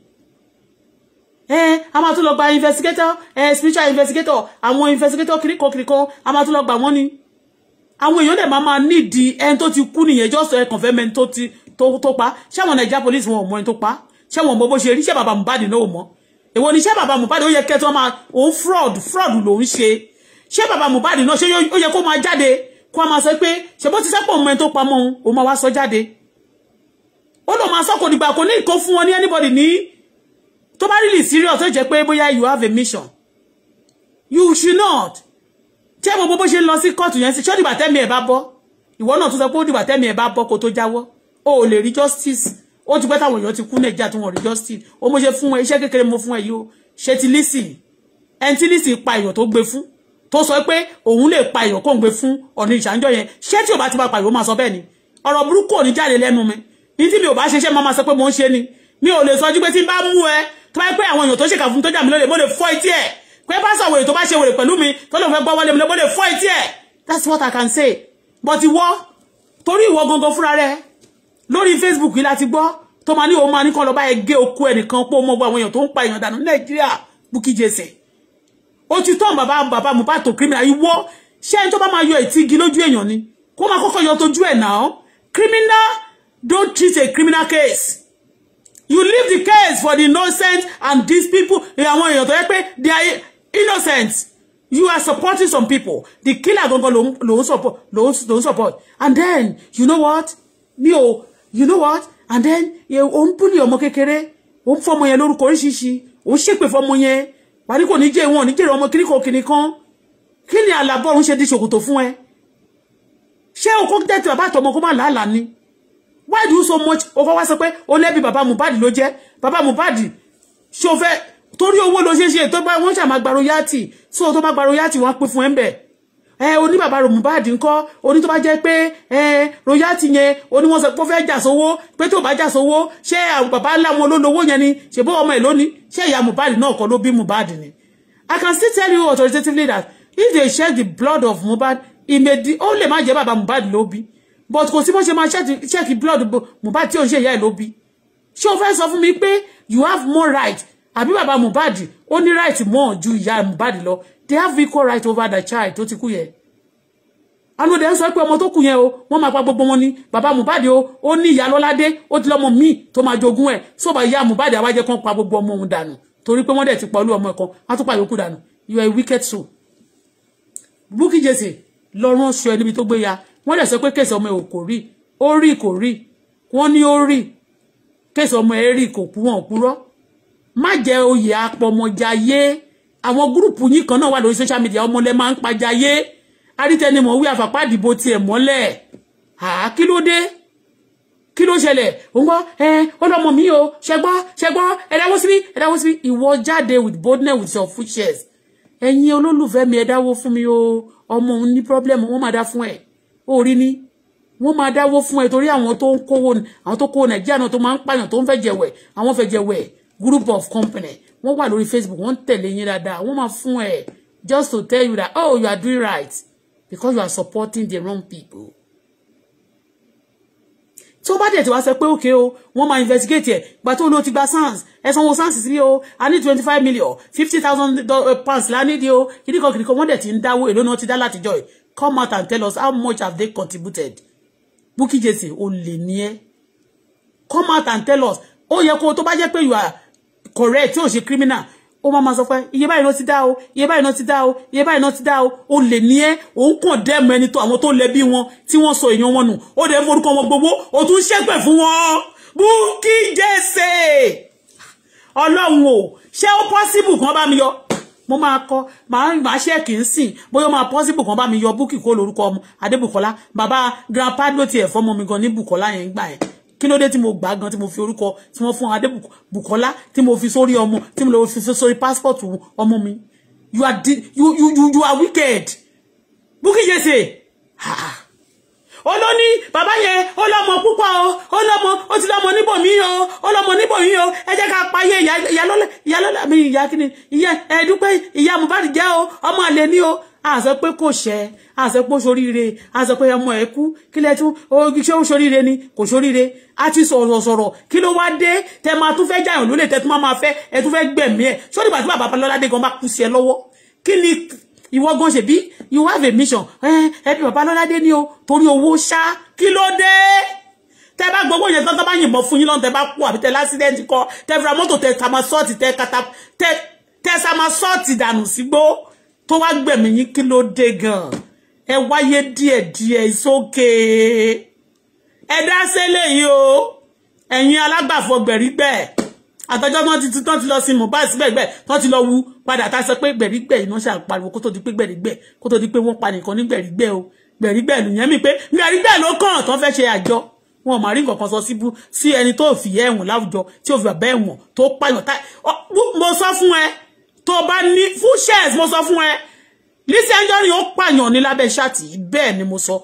ẹ eh, a máa tún lọ gba investigator ẹ eh, spiritual investigator àwọn investigator kìrìkọ kìrìkọ a máa tún lọ gbà wọ́n ni àwọn èèyàn dẹ̀ máa máa nídìí ẹni tó ti kú nìyẹn jọ́sọ ẹ kàn fẹ́ mẹ́ni tó ti tó pa ṣé àwọn Naija police wọn ò mọ ẹni tó pa ṣé wọn mọ bó ṣe rí ṣé bàbá Mohbad náà ò mọ èwo ni ṣé bàbá Mohbad ó yẹ kẹ́ tí wọ́n máa òun fraud fraud ló ń ṣe ṣé bàbá Mohbad náà ṣé ó yẹ kó máa jáde kó máa sọ pé ṣe bó ti sẹ́pọ̀ mọ́ ẹni tó pamọ́ òun máa wá sọ jáde ó lọ máa sọ́kò nígbà kò ní ìkó fún wọn ní anybody ní To bá really serious ó jẹ́ pé bóyá you have a mission you should not tí ẹmọ bó ṣe lọ sí kóòtù yẹn sí ṣó dìgbà tẹ́mi ẹ̀ bá bọ́ ìwọ náà tó sọ pé ó dìgbà tẹ́mi ẹ̀ bá bọ́ kó tó jáwọ́ o ò lè rí justice ó ti pẹ́ táwọn èèyàn ti kú nàìjíríà tí wọ́n rí justice ó mo ṣe fún ẹ iṣẹ́ kékeré mo fún ẹ yìí o ṣe ti lísì ẹni tí lísì pa èèyàn tó gbé fún tó sọ pé òun lè pa èèyàn kó ń gbé fún ọ̀nà ìṣàǹjọ yẹn ṣé tí ò bá ti máa pàyò máa sọ bẹ́ẹ̀ ni ọ̀rọ̀ burúkú ò ní jáde lẹ́nu mi ní tí mi ò bá ṣeṣẹ́ máa máa sọ pé mo ń ni mi ò lè sọjú pé tí n bá mú ẹ tó bá pé àwọn èèyàn tó ṣèkà fún tó jà mí lólè lè fọ́ etí ẹ̀ pé bá sọ tó bá ṣe wèrè pẹ̀lú mi tó lè fẹ́ gbọ́ wọlé mi lè mo lè fọ́ etí ẹ̀ that's what i can say but ìwọ torí ìwọ gangan fúnra rẹ lórí facebook yìí láti gbọ́ tó máa ní òun máa ní kán lọ bá ẹ gé okó ẹnìkan pé ó mọ gbọ́ àwọn èèyàn tó ń pa èèyàn dànù nàìjíríà Bukky Jesse ó ti tán bàbá bàbá Mohbad tó criminal ìwọ ṣé ẹni tó bá máa yọ ìtìgi lójú èèyàn ni kó máa kọ́kọ́ yọ tójú ẹ̀ náà criminal don't treat a criminal case you leave the case for the innocent and these people àwọn èèyàn tó yẹ pé they are innocent you are supporting some people the killer gangan ló ló support ló ń support and then you know what mi o you know what and then o ń búlì ọmọ kékeré o ń fọmọ yẹn lórúkọ oríṣiríṣi o ń ṣépè fọmọ yẹn wàá ní kò ní jẹ wọn ò ní jèrè ọmọ kíríkọ kìnìkan kan kí ni àlàbọ̀rún ṣe di ṣòkòtò fún ẹ ṣé o kó tẹ̀tì bàbá àtọmọ kó má làálàá ni why do you so much over wá sọ pé ó lẹ́bi bàbá Mohbad ló jẹ́ bàbá Mohbad ṣó fẹ́ torí owó ló ṣe ṣe tó bá wọ́n ṣàmà gba royalty so tó bá gba royalty wọ́n pín fún ẹ̀ ń bẹ̀ ẹ oní bàbá Mohbad ńkọ́ oní tó bá jẹ́ pé ẹ royalty yẹn oní wọ́n sọ pé ó fẹ́ jà sówó pé tó bá jà sówó ṣé àwọn bàbá ńlá wọn olólówó yẹn ni ṣèbó ọmọ ẹ̀ lónìí ṣé ìyá Mohbad náà kọ́ ló bí Mohbad ni I can still tell you authoritatively that if they shed the blood of Mohbad it may di ó lè má jẹ́ bàbá Mohbad ló bí but kò sí bó ṣe máa ṣẹ́ẹ̀kì blood Mohbad tí ò ń ṣe ìyá ẹ̀ ló bí ṣé o fẹ́ sọ fún mi pé you have more right àbí bàbá Mohbad ó ní right more ju ìyá Mohbad lọ they have equal right over the child tó ti kú yẹn àwọn òde ń sọ pé ọmọ tó kù yẹn o wọ́n máa pa gbogbo wọn ni bàbá Mohbad o ó ní ìyá lọ́ládé ó ti lọ́mọ míì tó máa jogún ẹ̀ sóbà ìyá Mohbad àwájẹ́ kan pa gbogbo ọmọ òun dànù torí pé wọ́n dẹ̀ ti pa olú ọmọ ẹ̀kan á tún pa yòókù dànù you are a wicked soul Bukky Jesse lọ́rùn ọ̀ṣọ́ ẹ níbi tó gbé ya wọ́n dẹ̀ sọ pé kéèsì ọmọ ò kò rí ó rí kò rí wọ́n ní ó rí kéèsì ọmọ ẹ rí kò kú wọn kúrọ́ má jẹ́ oyè apọmọjayé àwọn gúrùpù yín kan náà wà lórí social media ọmọ lẹ máa ń pajayé arítẹnimọ̀ wí àfàpá ìdìbò tiẹ̀ mọ́lẹ̀ àá kí ló dé kí ló ṣẹlẹ̀ òun gbọ́ ẹ ọlọ́mọ mi o ṣẹgbọ́ ṣẹgbọ́ ẹ̀dáwó síbí ẹ̀dáwó síbí ìwọ jáde with boldness with your full chest ẹ̀yin olólùfẹ́ mi ẹ̀dáwó fún mi o ọmọ òun ní problem wọ́n máa dá fún ẹ̀ orí ni wọ́n máa dáwó fún ẹ torí àwọn tó ń kówó àwọn tó kówó nàìjíríà náà tó máa ń pààyàn tó ń fẹ̀jẹ̀wẹ̀ àwọn fẹ̀jẹ̀wẹ̀ group of company wọ́n wà lórí facebook wọ́n ń tẹ̀lé yín dáadáa wọ́n máa fún ẹ just to tell you that oh you are doing right because you are supporting the wrong people tó bá dẹ̀ tí wá sọ pé òkè o wọ́n máa investigate ẹ̀ gba tó ló ti gba sans ẹ sanwó sans sí o I need twenty five million fifty thousand eh, pounds la nídìí o kìdíkan kìdíkan wọ́n dẹ̀ ti ń dáwó èlò náà ti dá látijọ́ yìí come out and tell us how much have they contributed Bukky Jesse o lè come out and tell us Oh, yẹ kó tó bá jẹ́ you are correct tí ò criminal Oh, mama ma sọ pé iye báyìí náà ti dá o iye báyìí náà ti dá o iye báyìí náà ti dá o o lè ní ẹ òun kàn dẹ́mu ẹni tó àwọn tó lẹ́bí wọn tí wọ́n sọ èèyàn wọn nù ó dẹ̀ forúkọ Jesse ọlọ́run o ṣé ó possible kan bá mi mo máa kọ màá màá ṣẹ́ẹ̀kì ń sìn bóyá ó máa possible kan bá mi yọ búkì kó lórúkọ ọmọ adébùkọ́lá bàbá grandpa ló tiẹ̀ fọ́mọ mi gan ní bùkọ́lá yẹn ń gbà yẹn kí ló dé tí mo gbà gan tí mo fi orúkọ tí wọ́n fún adébùkọ́lá tí mo fi sórí ọmọ tí mo lọ fi sórí passport ọmọ mi you are you you you, you are wicked búkì yẹn ṣe ha ó ló ní bàbá yẹn ó lọ́mọ púpọ̀ o ó lọ́mọ ó ti lọ́mọ níbò mí o ó lọ́mọ níbò mí o ẹ jẹ́ ká payé ìyálọ́lẹ̀ ìyálọ́lẹ̀ mi ìyá kí ni ìyá ẹ̀ẹ́dúpẹ́ ìyá Mohbad jẹ́ o ọmọ àlè ní o àṣọ pé kò ṣẹ àṣọ pé ó ṣoríire àṣọ pé ọmọ ẹ kú kí lẹ tún ogi ṣé ó ṣoríire ni kò ṣoríire a ti sọ̀rọ̀ sọ̀rọ̀ kí ló wá dé tẹ máa tún fẹ́ jáyàn lólè tẹ tún máa fẹ́ ẹ tún fẹ́ gbẹ̀mí ẹ ṣó nígbà tí bàbá Lọ́ládé gan bá kú sí ẹ lọ́wọ́ kí ni ìwọ gan ṣe bí you have a mission ẹbí bàbá lọ́ládé ni o torí owó ṣá kí ló dé tẹ bá gbogbo yẹn tán tán bá yìnbọn fún yín lọ́nà tẹ bá kú àbí tẹ lásìdẹ́ǹtì kọ tẹ fura mọ́tò tẹ tàmà sọ́ọ̀tì tẹ kata tẹ tẹ sàmà sọ́ọ̀tì dànù sígbó tó wá gbẹ̀mí yín kí ló dé gan ẹ wáyé díẹ̀díẹ̀ ìsókè ẹ dá sẹ́lẹ̀ yìí o ẹ̀yin alágbàfọ̀ gbẹ̀rígbẹ̀ àtọjọ́ mọ́ títí tán ti lọ sin Mohbad sí gbẹ̀gbẹ̀ tán ti lọ wu padà tá a sọ pé gbẹ̀rígbẹ̀ iná ṣàpariwo kó tó di pé gbẹ̀rígbẹ̀ kó tó di pé wọ́n pa nìkan ní gbẹ̀rígbẹ̀ o gbẹ̀rígbẹ̀ lùyẹn mi pé gbẹ̀rígbẹ̀ ló kàn tán fẹ́ ṣe àjọ wọn ò máa rí nǹkan kan sọ síbú sí ẹni tó fi ẹ̀wọ̀n láwùjọ tí ò fi bàbá ẹ̀wọ̀n tó pààyàn tá mo sọ fún ẹ tó bá ní fún shares mo sọ fún ẹ Lizzy Anjorin ó pààyàn ní lábẹ́ ṣáàtì bẹ́ẹ̀ ni mo sọ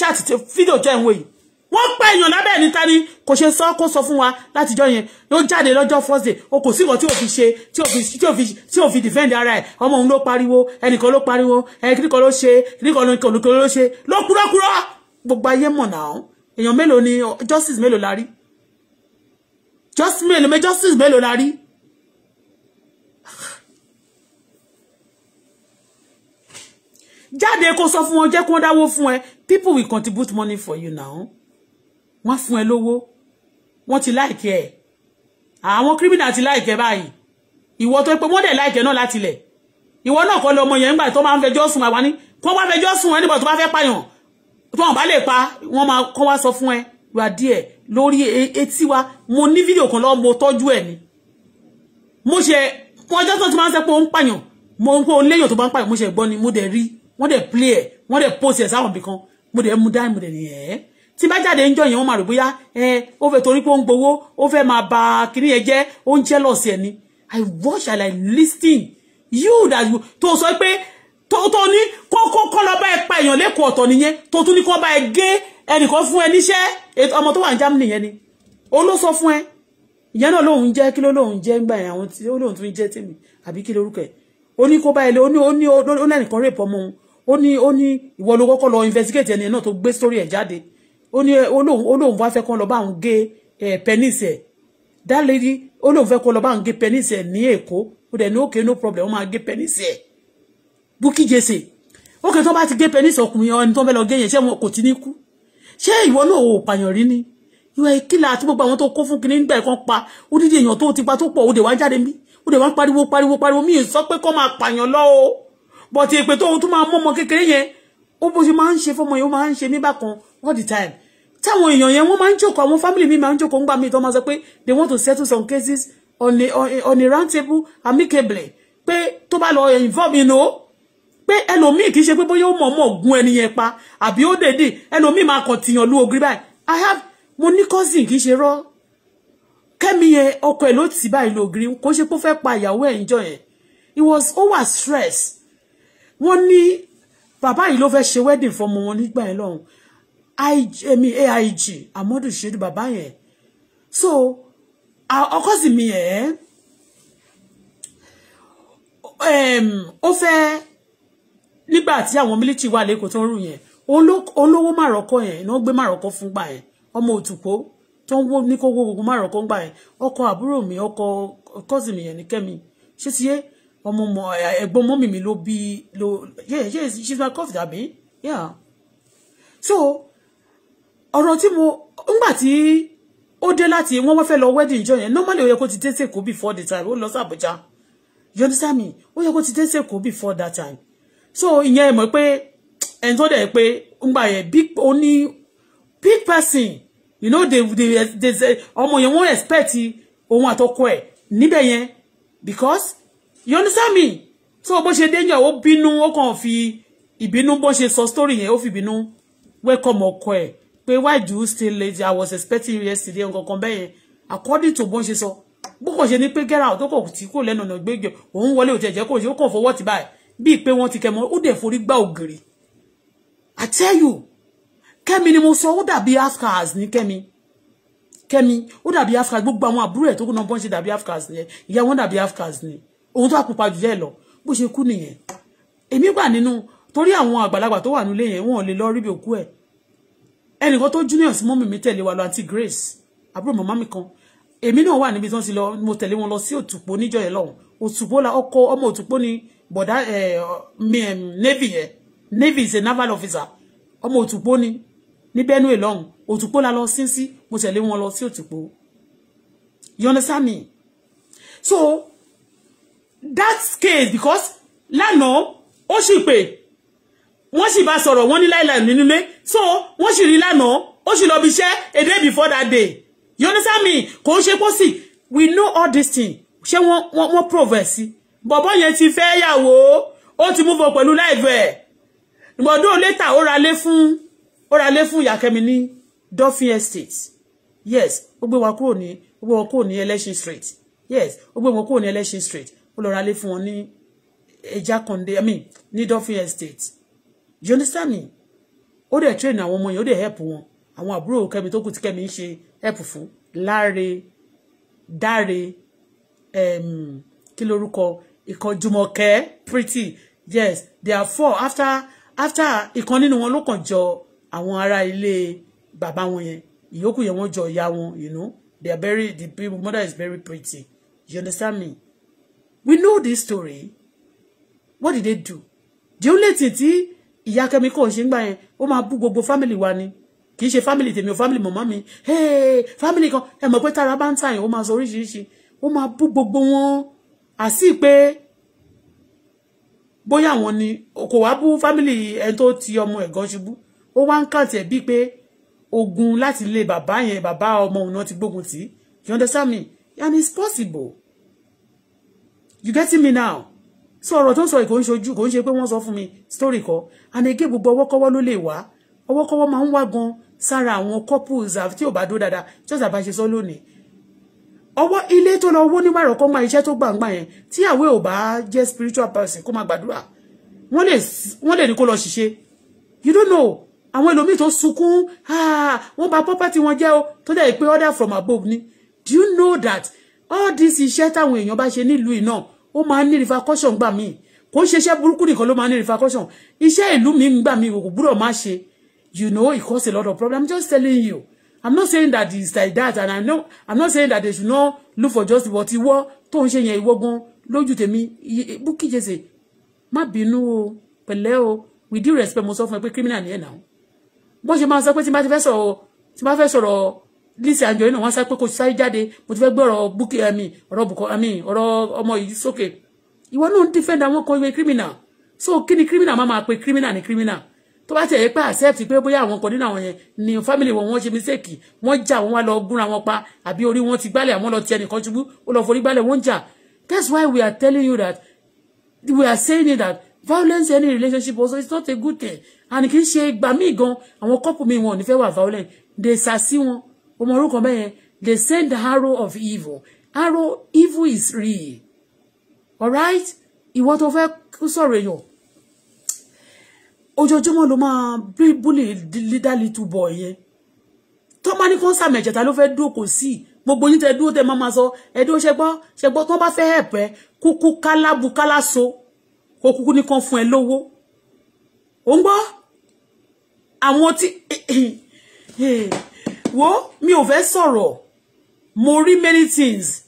ṣáàtì fídíò jẹ́ ìwé yìí wọ́n pa èèyàn lábẹ́ níta ni kò ṣe sọ kó sọ fún wa látijọ́ yẹn ló jáde lọ́jọ́ Thursday o kò sí ìwọ tí o fi ṣe tí o fi tí o fi tí o fi defend ara ẹ̀ ọmọ òun ló pariwo ẹnìkan ló pariwo ẹnìkan ló ṣe ẹnìkan ló kàn ló ṣe ló kúrọ́kúrọ́ gbogbo ayé mọ̀ náà èèyàn mélòó ni justice mélòó la rí justice mélòó justice mélòó la rí. jáde kó sọ fún wọn jẹ́ kó dáwó fún ẹ people will contribute money for you now wọ́n fún ẹ lówó wọ́n ti láìkẹ́ ẹ̀ àwọn kírímìnà ti láìkẹ́ báyìí ìwọ tó pé wọ́n dẹ̀ láìkẹ́ náà láti lẹ̀ ìwọ náà kọ́ lọ ọmọ yẹn nígbà tó máa ń fẹjọ́ sùn àwa ní kó wá fẹjọ́ sùn ẹnìbọ̀ tó bá fẹ́ pààyàn tó wọn bá lè pa wọ́n máa kọ́ wá sọ fún ẹ wà díẹ̀ lórí e, etí wa mo ní fídíò kan lọ mo tọ́jú ẹ̀ ni mo ṣe wọ́n jọ́ tó ti máa ń sẹ́ pé ó ń pààyàn mo ń pé ó tó bá ń pààyàn mo ṣe gbọ́ ni mo dẹ̀ rí wọ́n dẹ̀ play ẹ̀ wọ́n dẹ̀ post ẹ̀ sáwọn ibì kan mo dẹ̀ mú dáì mo dẹ̀ nìyẹn tí ba jáde ń jọ yẹn wọ́n máa rò bóyá ẹ ó fẹ́ torí pé ó ń gbowó ó ba kíní yẹn jẹ́ ó jealous ẹ̀ ni i watch and i listen you that you tó sọ pé tó tó ní kókó kọ́ lọ bá ẹ pa èèyàn lẹ́kọ̀ọ́ ọ̀tọ̀ nìyẹn tó tún ní kọ́ bá ẹ gé ẹnìkan fún ẹ níṣẹ́ ọmọ tó wà ní Germany yẹn ni ó ló sọ fún ẹ ìyẹn náà lóun jẹ́ kí ló lóun jẹ́ ńgbà yẹn àwọn tí ó lóun tún jẹ́ tèmi àbí kí lórúkọ ẹ̀ ó ní kó bá ẹ lé ó ní ó rape ọmọ òun ó ní ó ní investigate ẹni náà tó gbé story e jáde ó ní olóhùn wá fẹ́ kọ́ lọ bá òun gé eh, penis ẹ̀ that lady olóhùn fẹ́ kọ́ lọ bá òun gé penis ẹ̀ ní èkó ó dẹ̀ ní okay no problem wọ́n máa gé penis ẹ̀ Bukky Jesse okay tó bá ti gé penis ọkùnrin ẹni tó fẹ́ lọ gé yẹn ṣé wọn kò ti ní kú ṣé ìwọ náà ò pààyàn rí ni ìwọ ìkìlà àti gbogbo àwọn tó kó fún kinní nígbà ẹ̀kan pa odidi èèyàn tó ti pa tó pọ̀ òde wá jáde mí òde wá pariwo pariwo pariwo mí sọ pé kọ́ máa pààyàn lọ o bọ̀tì èpè tó ohun tó máa mọ́ ọmọ kékeré yẹn ó bó ṣe máa ń ṣe fọmọ yẹn ó máa ń ṣe mí bákan all the time táwọn èèyàn yẹn wọ́n máa ń jókòó àwọn family mi máa ń jókòó ń gbà mí tó máa sọ pé they want to settle some cases on a on a round table amicably pé tó bá lọ involve you know pé ẹlòmíì kì í ṣe pé bóyá ó mọ̀ọ́mọ̀ gún ẹni yẹn pa àbí ó dèdè ẹlòmíì máa kàn tìyàn lu ògiri báyìí i have mo ní cousin kì í ṣe rọ kẹ́mi yẹn ọkọ ẹ̀ ló tì báyìí lu ògiri kò ṣe pé ó fẹ́ pa ìyàwó ẹ̀ níjọ́ yẹn it was over stress wọ́n ní bàbá yìí ló fẹ́ ṣe wedding fọmọ wọn nígbà yẹn lọ́hùn èmi aig amadu ṣedu bàbá yẹn so ọkọ sì mi yẹn ó fẹ́ nígbà tí àwọn mílítì wà lẹ́kọ̀ọ́ tó ń rù yẹn olówó márọ̀kọ yẹn iná gbé márọ̀kọ fún gbà yẹn ọmọ òtùkó tó ń wó ní kó wó gbogbo márọ̀kọ ń gbà yẹn ọkọ àbúrò mi ọkọ kọ́sì mi yẹn ní kẹ́mi ṣé ti yé ọmọ mọ ẹ̀gbọ́n mọ́mì mi ló bí ló yẹ yẹ she's my cousin àbí yeah so ọ̀rọ̀ tí mo ńgbà tí ó dé láti wọ́n wọ́n fẹ́ lọ wedding jọ yẹn normally ó yẹ kó ti dé sèkó before the time ó lọ sí Àbújá you understand me ó yẹ kó ti dé sèkó before that time so ìyẹn ẹ mọ̀ pé ẹni tó dẹ̀ pé ńgbà yẹn big ó ní big person you know they they they say ọmọ yẹn wọ́n expect òun àtọkọ ẹ̀ níbẹ̀ yẹn because you understand me so bó ṣe dé yẹn ó bínú ó kàn fi ìbínú bó ṣe sọ story yẹn ó fi ìbínú welcome ọkọ ẹ̀ pé why do you still late i was expecting you yesterday nǹkan kan bẹ́ẹ̀ according to bọ́n ṣe sọ bó kò ṣe ní pé get out tó kò tí kò lẹ́nu ọ̀nà gbẹ́gbẹ́ òun wọlé òtí ẹ̀jẹ̀ kò ṣe ó kàn fọwọ́ ti báyìí bíi pé wọ́n ti kẹ́ mọ́ ó dẹ̀ forí gbá ògiri i tell you kẹ́mi ni mo sọ ó dàbí afghans ní kẹ́mi kẹ́mi ó dàbí afghans gbogbo àwọn àbúrò ẹ̀ tó kù náà bọ́n ṣe dàbí afghans ni ìyá wọn dàbí afghans ni òun tó àpupa jù jẹ́ lọ bó ṣe kú nìyẹn èmi gbà nínú torí àwọn àgbàlagbà tó wà nílé yẹn wọn ò lè lọ rí bí òkú ẹ̀ ẹnìkan tó junior sí mọ́mì mi tẹ̀lé wa lọ àti Grace àbúrò màmá mi kan èmi náà wà níbi tí wọ́n ti lọ mo tẹ̀lé wọn lọ sí òtùpó níjọ́ yẹn lọ́hùn òtùpó la ọkọ ọmọ òtùpó ni bọ̀dá navy yẹn navy is a naval officer ọmọ òtùpó ni ní Benue lọ́hùn òtùpó la lọ sí sí mo tẹ̀lé wọn lọ sí òtùpó you understand me so that case because lánàá ó sì pè wọ́n sì bá sọ̀rọ̀ wọ́n ní láìláì nínú ilé so wọ́n sì rí lánàá ó sì lọ bí iṣẹ́ a day before that day you understand me kò ń ṣe pọ́ we know all this thing ṣé wọ́n wọ́n prove sí bọ̀bọ́ yẹn ti fẹ́ yàwó ó ti mú bọ̀ pẹ̀lú láìvẹ̀ ìmọ̀dún létà ó ra lé fún ó ra lé fún ìyàkẹ́mi ní Dolphin Estate yes ó gbé wa kúrò ní ó gbé wọn kúrò ní election street yes ó gbé wọn kúrò ní election street ó lọ ra lé fún wọn ní ẹja i mean ní Dolphin Estate you understand me ó dẹ̀ train àwọn ọmọ yẹn ó dẹ̀ help wọn àwọn àbúrò kẹ́mi tó kù tí kẹ́mi ń ṣe help fún láre dáre um, kí lorúkọ ìkan jùmọ̀kẹ́ pretty yes they are four after after ìkan nínú wọn ló kàn jọ àwọn ará ilé bàbá wọn yẹn ìyókù yẹn wọ́n jọ ìyá wọn you know they are very the people mother is very pretty you understand me we know this story what did they do the only thing ti ìyá kẹ́mi kò ṣe ń gbà yẹn ó máa bú gbogbo fámìlì wa ni kì í ṣe fámìlì tèmi ò fámìlì mọ̀mọ́ mi fámìlì kan ẹ mọ̀ pé tára bá ń tàyàn ó máa sọ oríṣiríṣi ó máa bú gbogbo wọn àsì pé bóyá wọn ni kò wá bú fámìlì ẹni tó ti ọmọ ẹ̀gọ́ ṣubú ó wá ń kàǹtì ẹ̀ bíi pé ogun láti lé bàbá yẹn bàbá ọmọ òun náà ti gbógun tì you understand me and it's possible you getting me now so ọ̀rọ̀ tó sọ yìí kò ń ṣojú kò ń ṣe pé wọ́n sọ fún mi story kọ́ and again gbogbo ọwọ́kọ́wọ́ ló lè wá ọwọ́kọ́wọ́ máa ń wá gan sára àwọn couples tí ò bá dó dáadáa just àbá ṣe sọ lónìí ọwọ́ ilé tó lọ owó nígbàrọ̀ kọ́ máa iṣẹ́ tó gbàǹgbà yẹn tí àwẹ̀ ò bá jẹ́ spiritual person kó máa gbàdúrà wọ́n lè wọ́n lè ní kó lọ ṣiṣẹ́ you don't know àwọn ẹlòmíì tó sunkún ah, wọ́n bà property wọn jẹ́ o tó dẹ̀ pé order from above ni do you know that all this iṣẹ́ táwọn èèyàn bá ṣe nílùú iná ó máa ń ní repercussion gbà míì kò ń ṣeṣẹ́ burúkú nìkan ló máa ń ní repercussion iṣẹ́ ìlú mi ń gbà mí kò gbúdọ̀ you know it causes a lot of problem i'm just telling you i'm not saying that it's like that and i know i'm not saying that they should not look for justice but ìwọ tó ń ṣe yẹn ìwọ gan lójú tèmi Bukky Jesse má bínú o pẹ̀lẹ́ o with due respect mo sọ fún ẹ pé criminal ni ẹ̀ náà bó ṣe máa sọ pé tí n bá fẹ́ sọ̀rọ̀ Lizzy Anjorin náà wọ́n sáré pé kò sáré jáde mo ti fẹ́ gbé ọ̀rọ̀ búkì ẹ̀mí ọ̀rọ̀ bùkọ́ ẹ̀mí ọ̀rọ̀ ọmọ yìí sókè ìwọ náà ń defend àwọn kan ìwé criminal so kí ni criminal máa máa pe criminal ni criminal tó bá tẹ̀yẹ pé accept pé bóyá àwọn kan nínú àwọn yẹn ni family wọn wọ́n ṣe mistake wọ́n jà wọ́n wá lọ gúnra wọn pa àbí orí wọn ti gbálẹ̀ àwọn lọ ti ẹnìkan ṣubú ó lọ forí gbálẹ̀ wọ́n jà that's why we are telling you that we are saying that violence any relationship also is not a good thing and kì í ṣe ìgbà míì gan àwọn couple mi wọn ò ní fẹ́ wà violent they ṣàṣì wọn o mọ orúkọ they send the arrow of evil arrow evil is real All right, ìwọ tó fẹ́ sorry yo. ojoojúmọ́ ló ma, bully leader little boy yẹn tó máa ní kó ń sàmì ẹ̀jẹ̀ta ló fẹ́ dúró kò sí gbogbo yín tẹ dúró tẹ máa máa sọ ẹdúró ṣẹgbọ́ ṣẹgbọ́ tó bá fẹ́ help ẹ kúkú kálábù káláso kó kúkú ní kan fún ẹ lówó ò ń gbọ́ àwọn tí. Eh, eh, eh, wo mi ò fẹ́ sọ̀rọ̀ mo rí many things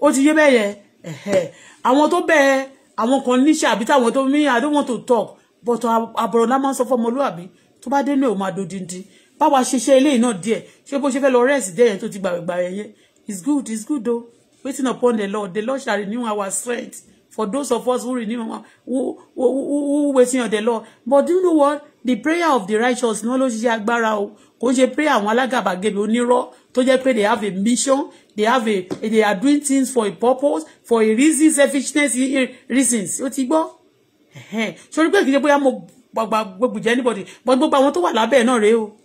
ó ti yé bẹ́yẹn ẹ̀hẹ́ àwọn to bẹ́ẹ̀ àwọn kan níṣẹ́ àbí táwọn to mí i don't want to talk but àbọ̀rọ̀ náà máa ń sọ fún ọmọlúwàbí tó bá dé ní òun máa dodindi báwa ṣiṣẹ́ eléyìí náà díẹ̀ ṣé bó ṣe fẹ́ lọ rẹ́ẹ̀sì dẹ́yẹn tó ti gbàgbà yẹn it's good it's good o waiting upon the Lord the Lord shall renew our strength for those of us who renew who who who, who waiting on the Lord but do you know what the prayer of the righteous no ló ṣiṣẹ́ agbára o kò ń ṣe prayer àwọn alágàbàgebè onírọ́ tó jẹ́ pray, they have a mission they have a they are doing things for a purpose for a reason selfishness reasons ó ti gbọ́ sori pé kì í ṣe bóyá mo gbàgbà gbogbo jẹ́ anybody but gbogbo àwọn to wà lábẹ́ náà rèé o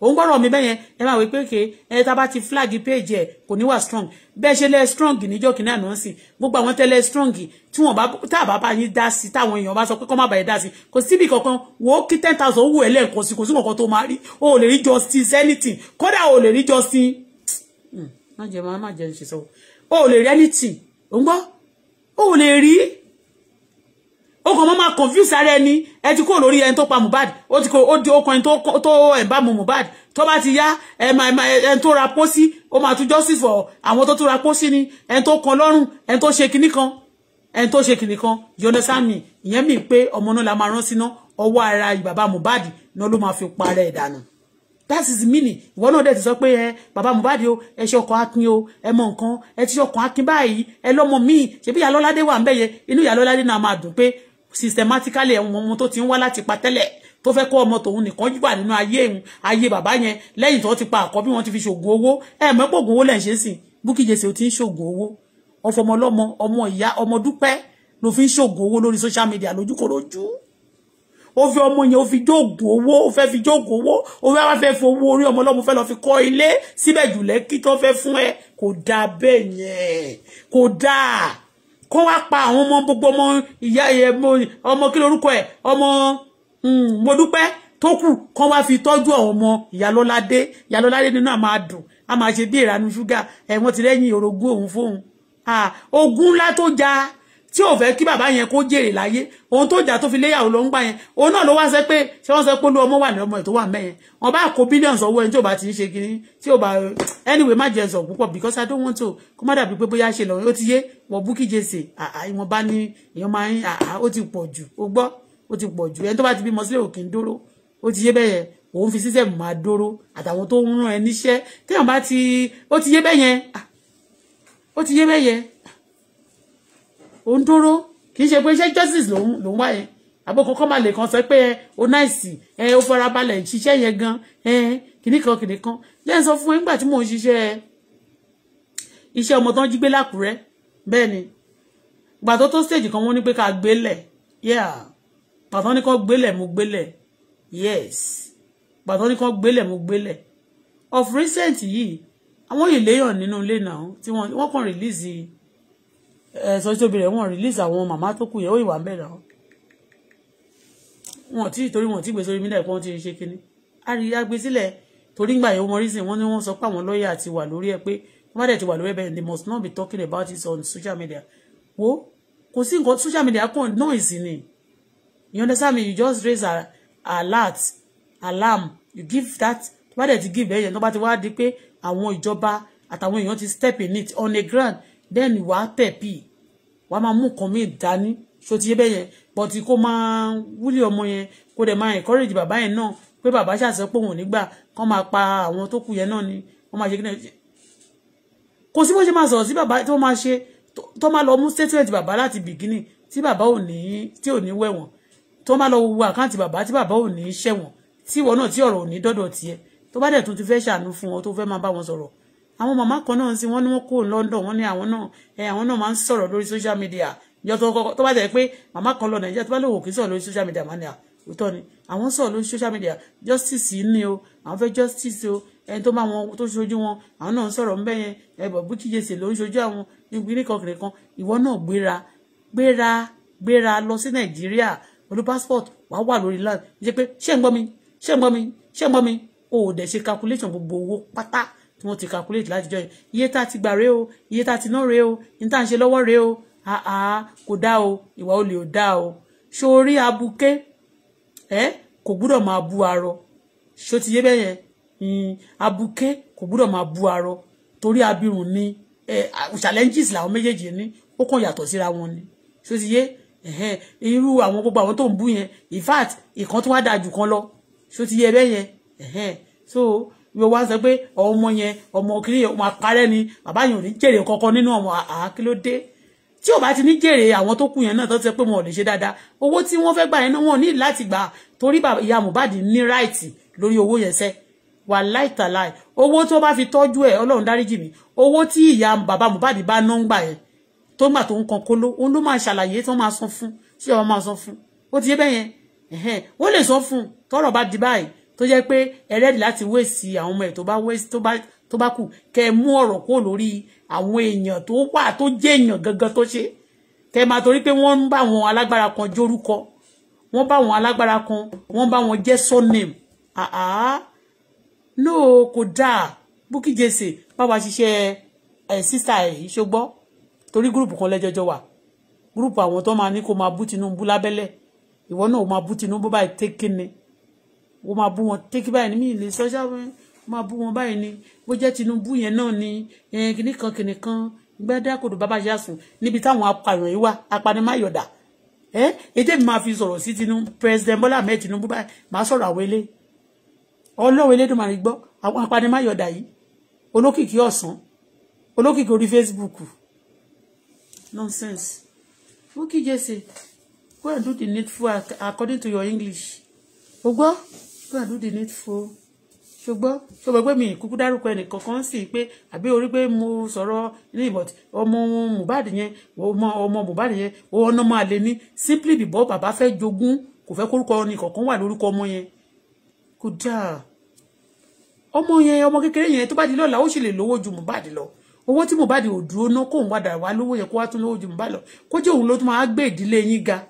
òun gbọ́rọ̀ mi bẹ́yẹn ẹ máa wí pé ké ẹ tá bá ti flag page ẹ kò ní wà strong bẹ́ẹ̀ ṣe lẹ́ strong níjọ́ kìíní àná sí gbogbo àwọn tẹ́lẹ̀ strong tí wọ́n bá tá a bá bá yín dá sí táwọn èèyàn bá sọ pé kọ́ má bàa dá sí kò síbi kankan wò kí ten thousand owó ẹ lẹ́ẹ̀kan sí kò sí kankan tó máa rí o ò lè rí justice anything kódà o ò lè rí justice má jẹ má jẹ ṣe sọ o ò lè rí anything òun gbọ́ o ò lè rí ó kàn mọ́ confuse ara ẹni ẹ ti kúrò lórí ẹni tó pa Mohbad ó ti kó ó di okùn ẹni tó ẹ̀bá mu Mohbad tó bá ti yá ẹni tó ra pósí ó máa tún justice for àwọn tó tún ra pósí ni ẹni tó kan lọ́rùn ẹni tó ṣe kinní kan ẹni tó ṣe kinní kan you understand me ìyẹn mi pé ọmọ náà la máa rán síná ọwọ́ ara bàbá Mohbad náà ló máa fi parẹ́ ìdànù that is meaning ìwọ náà dẹ̀ ti sọ pé ẹ bàbá o ẹ ṣe ọkọ̀ akin o ẹ mọ nǹkan ẹ ti ṣe ọkọ̀ akin báyìí ẹ lọ́mọ míì ṣebí ìyálọ́ládé wà ń bẹ̀yẹ inú ìyálọ́ládé náà máa dùn pé systematically ẹ̀wọ̀n ọmọ tó ti ń wá láti pa tẹ́lẹ̀ tó fẹ́ kọ́ ọmọ tòun nìkan wà nínú ayé ìhun ayé bàbá yẹn lẹ́yìn tó ti pa àkọ́bí wọn ti fi ṣògùn owó ẹ̀ mẹ́pọ̀ ògùn owó lẹ̀ ń ṣe sìn Bukky Jesse ò ti ń ṣògùn owó ọfọmọ ọlọ́mọ ọmọ ìyá ọmọ dúpẹ́ ló fi ń ṣògùn owó lórí social media lójúkorojú ó fi ọmọ yẹn ó fi jóògùn owó ó fẹ́ fi jóògùn owó ó fẹ́ wá fẹ́ fi owó orí ọmọ ọlọ́mọ fẹ́ lọ fi kọ́ ilé síbẹ̀ jùlẹ̀ kí tó fẹ́ fún ẹ kò dáa bẹ́ẹ̀ yẹn kò dáa kó wá pa àwọn ọmọ gbogbo ọmọ ìyá ẹ ọmọ kí lorúkọ ẹ ọmọ mm, Modúpẹ́ tó kù kó wá fi tọ́jú àwọn ọmọ Ìyálọ́ládé Ìyálọ́ládé nínú àmà dùn a máa ṣe bí ìranu ṣúgà ẹ̀wọ̀n ti rẹ́yìn orogún òun fóun ogun ńlá tó ja tí ò fẹ́ kí bàbá yẹn kó jèrè láyé ohun tó jà tó fi léyàwó ló ń gbà yẹn òun náà ló wá sẹ pé ṣé wọ́n sọ pé olú ọmọ wà ní ọmọ ẹ̀ tó wà mẹ́yẹn wọn bá kó billions owó ẹni tí ò bá ti ń ṣe kiri tí ò anyway má jẹ sọ púpọ̀ because I don't want to Come má dàbí pé bóyá ṣe lọ ó ti yé wọ búkì jèsè ìwọ̀n bá ní èèyàn máa ń ó ti pọ̀ jù ó gbọ́ ti pọ̀ jù ẹni tó ti bímọ sílé òkè ń dóró ó ti yé bẹ́yẹn òun fi sísẹ̀ máa dóró àtàwọn tó ń rán ẹ níṣẹ́ téèyàn bá ti ó ti yé bẹ́yẹn ó ti yé bẹ́yẹn òun dúró kì í ṣe pé ṣé justice lòun lòun wáyé àbókò kọ́ máa lè kan sọ pé o náìsì ẹ o farabalẹ̀ ṣiṣẹ́ yẹn gan ẹ kìnnìkan kìnnìkan lẹ́yìn sọ fún ẹ nígbà tí mò ń ṣiṣẹ́ iṣẹ́ ọmọ tó ń jí gbé lákùrẹ́ bẹ́ẹ̀ ni ìgbà tó tó stage kan wọ́n ní pé ká gbélẹ̀ yeah pàtó ní kan gbélẹ̀ mo gbélẹ̀ yes pàtó ní kan gbélẹ̀ mo gbélẹ̀ of recent yìí àwọn èlèyàn nínú ilé náà tí wọ́n kàn release yìí sọ́jí tóbi rẹ̀ wọ́n release àwọn màmá tó kù yẹn ó ìwà ń bẹ̀rẹ̀ wọn wọn tí torí wọn tí gbé sórí mílẹ̀ pé wọ́n ti ṣe kínní àríyá gbé sílẹ̀ torí ńgbà yẹn wọ́n rí sìn wọ́n ní wọ́n sọ pé àwọn lọ́ọ̀yà ti wà lórí ẹ̀ pé wọ́n bá dẹ̀ ti wà lórí ẹ̀ bẹ́ẹ̀ they must not be talking about it on social media wo kò sí nǹkan social media kan noise ni you understand me you just raise a alert alarm you give that wọ́n bá dẹ̀ ti give bẹ́ẹ̀ yẹn tó bá ti wá di pé àwọn ìjọba àtàwọn èèyàn ti step in it on the ground then wàá pẹ̀pì wàá máa mú nǹkan míì dání ṣó ti yé bẹ́ẹ̀ yẹn but kó máa wúlé ọmọ yẹn kó dẹ̀ máa encourage bàbá yẹn náà pé bàbá ṣàṣẹ pé òun ò ní gbà kán máa pa àwọn tó kù yẹn náà ni wọ́n máa ṣe kíni kò sí bó ṣe máa sọ̀rọ̀ sí bàbá tó máa ṣe tó máa lọ mú statement bàbá láti beginning tí bàbá ò ní tí ò ní wẹ̀wọ̀n tó máa lọ wo àkáǹtì bàbá tí bàbá ò ní ṣẹ̀wọ̀n tí ìwọ náà tí ọ̀rọ̀ ò ní dọ́dọ̀ tiẹ̀ tó bá dẹ̀ tún ti fẹ́ ṣàánú fún wọn tó fẹ́ máa bá wọn sọ̀rọ̀ àwọn màmá kan náà sí wọn ní wọn kó London wọn ní àwọn náà ẹ àwọn náà máa ń sọ̀rọ̀ lórí social media ìjọ tó kọ́kọ́ tó bá jẹ́ pé màmá kan lọ nàìjíríà tó bá lè wò kí sọ̀rọ̀ lórí social media mania òótọ́ ni àwọn sọ̀rọ̀ lórí social media justice yìí ni o àwọn fẹ́ justice o ẹni tó máa wọn tó ṣojú wọn àwọn náà ń sọ̀rọ̀ ń bẹ́yẹn ẹ̀bọ̀ Bukky Jesse ló ń ṣojú àwọn nígbìrì kọkìnrin kan ìwọ náà gbéra gbéra gbéra lọ sí nàìjíríà pẹ̀lú passport wàá wà lórí land ṣe pé ṣé ń gbọ́ mi ṣé ń gbọ́ mi ṣé ń gbọ́ mi o ò dẹ̀ ṣe calculation gbogbo owó pátá wọ́n ti calculate látijọ́ iye tá a ti gbà rèé o iye tá a ti ná rèé o iye tá a ń ṣe lọ́wọ́ rèé o àá kò dá o ìwà olè ò dá o ṣó orí abuké ẹ kò gbúdọ̀ máa bu arọ ṣó ti yé bẹ́yẹn hmm, abuké kò gbúdọ̀ máa bu arọ torí abirùn ni challenges làwọn méjèèjì ní ó kàn yàtọ̀ síra wọn ni ṣó ti yé irú àwọn gbogbo àwọn tó ń bú yẹn in fact ìkan tó wá dáa jù kan lọ ṣó ti yé bẹ́yẹn so yóò wá sọ pé ọmọ yẹn ọmọ kiri yẹn ọmọ àparẹ́ ni Baba yẹn ò ní jèrè kankan nínú ọmọ àá kí ló dé tí ò bá ti ní jèrè àwọn tó kù yẹn náà tó ti pé wọn ò lè ṣe dáadáa owó tí wọ́n fẹ́ gbà yẹn náà wọn ò ní láti gbà torí ìyá Mohbad ní ráìtì lórí owó yẹn sẹ́ wà láìtàláì owó tó bá fi tọ́jú ẹ̀ ọlọ́run dáríjì mi owó tí ìyá bàbá Mohbad bá ná ń gbà yẹn tó ń gbà tó ń kan kóló òun ló máa ṣàlàyé tó máa san fún tí ọmọ máa san fún ó ti yé bẹ́yẹn ó lè san fún tọ́rọ̀ di báyìí tó jẹ́ pé ẹ rẹ́dì láti wéèsì àwọn ọmọ ẹ̀ tó bá wéèsì tó bá tó bá kù kẹ́ ẹ mú ọ̀rọ̀ kúrò lórí àwọn èèyàn tó wà tó jẹ́ èèyàn gangan tó ṣe kẹ́ ẹ máa torí pé wọ́n ń bá àwọn alágbára kan jórúkọ wọ́n bá àwọn alágbára kan wọ́n bá wọn jẹ́ surname àá no kò dáa Bukky Jesse bá wa ṣiṣẹ́ ẹ̀ sísá ẹ̀ yìí ṣogbọ́ torí gúrùpù kan lẹ́jọ́jọ́ wà gúrùpù àwọn tó máa ní kó máa bú Tinubu lábẹ́lẹ̀ ìwọ náà máa bú Tinubu báyìí tẹ́kínni ó máa bú wọn tẹ́kí báyìí ní mí lè sọ́jà máa bú wọn báyìí ni bó jẹ́ Tinubu yẹn náà ni kìnnì kan kìnnì kan gbẹ́dẹ́ kòdò bàbá ṣe àsùn níbi táwọn apààyàn yìí wá apanimáyọ̀dà ẹ ètè mi máa fi sọ̀rọ̀ sí Tinubu President Bọ́lá Ahmed Tinubu báyìí máa sọ̀rọ̀ àwọn ilé ọlọ́wọ́ ilé dùn máa rí gbọ́ àwọn apanimáyọ̀dà yìí olókìkí ọ̀sán olókìkí orí Facebook nonsense wọ́n kíjẹ́ sè go and do the needful according to your English. Ogbó go and do the needful ṣùgbọ́n ṣùgbọ́n pé mi kúkú dárúkọ ẹnìkan kan sì pé àbí orí pé mo sọ̀rọ̀ ní ìbọ̀tì ọmọ Mohbad yẹn ọmọ ọmọ Mohbad yẹn ọ̀nà máa lè ní simply bìbọ́ bàbá fẹ́ jogún kò fẹ́ kórúkọ nìkọ̀ọ̀kan wà lórúkọ ọmọ yẹn kò dáa ọmọ yẹn ọmọ kékeré yẹn tó bá di lọ́la ó sì lè lówó ju Mohbad lọ owó tí Mohbad ò dúró ná kóun wá dàrú wá lówó yẹn kó wá tún lówó ju Mohbad lọ kó jẹ́ òun ló tún máa gbé ìdílé yín ga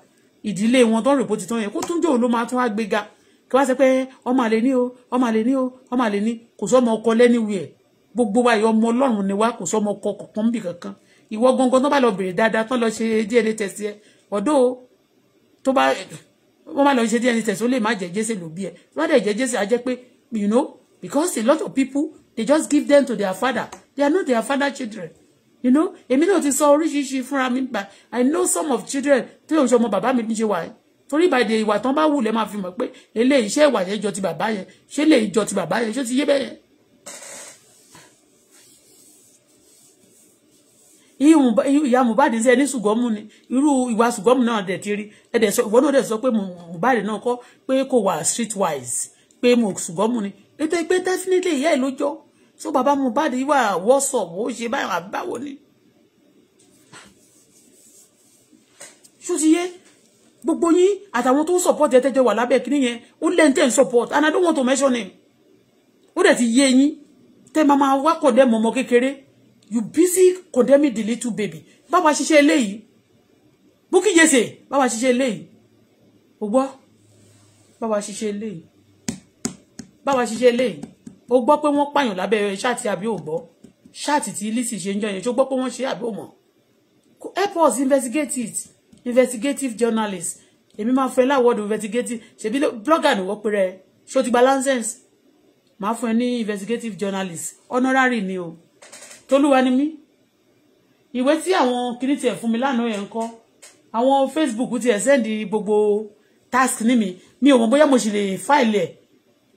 ìdílé wọn tó ń rèpò titán yẹn kó tún jẹ́ òun ló máa tún wá gbé ga kí wá sọ pé ọmọ àlè ní o ọmọ àlè ní o ọmọ àlè ní kò sọmọ ọkọ lẹ́niwìẹ̀ gbogbo wa ìyọ ọmọ ọlọ́run ni wá kò sọmọ ọkọ kọ̀ọ̀kan níbì kankan ìwọ gangan tó bá lọ bèrè dáadáa tó lọ ṣe DNA test ẹ ọ̀dọ́ tó bá wọ́n bá lọ ṣe DNA test ó lè má jẹ́ jésè ló ẹ wọ́n dẹ̀ jẹ́ jésè á pé you know because a lot of people they just give them to their father they are not their father children you know èmi náà ti sọ oríṣiríṣi fúnra mi i know some of children tí òun ṣe ọmọ bàbá mi ṣe wà torí ìbàdí ìwà tán bá wù lẹ́ máa fi mọ̀ pé eléyìí ṣé ìwà yẹn jọ ti bàbá yẹn ṣé eléyìí jọ ti bàbá yẹn ṣé ti yé bẹ́ẹ̀ yẹn. ìyá Mohbad ṣe ní ṣùgọ́mù ni irú ìwà ṣùgọ́mù náà dẹ̀ ti rí ẹ̀dẹ̀ sọ ìwọ náà dẹ̀ sọ pé Mohbad náà kọ́ pé kò wà streetwise pé mo ṣùgọ́mù ni ètò ìgbé definitely ìyá ẹ̀ lójọ́ so bàbá Mohbad wà wọ́sọ̀bù ó ṣe báyìí àbáwo ni. ṣó ti yé gbogbo yín àtàwọn tó ń support ẹ tẹ́jọ wà lábẹ́ kíní yẹn ó lẹ́ni tẹ́ ń support and I don't want to mention him ó dẹ̀ ti yé yín tẹ́ máa máa wá condemn ọmọ kékeré you busy condemning the little baby báwa ṣiṣẹ́ eléyìí Bukky Jesse báwa ṣiṣẹ́ eléyìí o gbọ́ báwa ṣiṣẹ́ eléyìí báwa ṣiṣẹ́ eléyìí o gbọ́ pé wọ́n pààyàn lábẹ́ ṣáàtì àbí ò gbọ́ ṣáàtì tí Lizzy ṣe ń jọ yẹn tó gbọ́ pé wọ́n ṣe àbí ò mọ̀ help us investigate it investigative journalist èmi máa fún ẹ láwọ́dù investigative ṣèbí blogger ni wọ́n pèrè ṣó ti gba license máa fún investigative journalist honorary ni o tolúwa ni mí ìwé tí àwọn kiri tiẹ̀ fún mi lánàá yẹn ń kọ́ àwọn Facebook tiẹ̀ sẹ́ndì gbogbo task ni mi mi ò mọ̀ bóyá mo sì lè file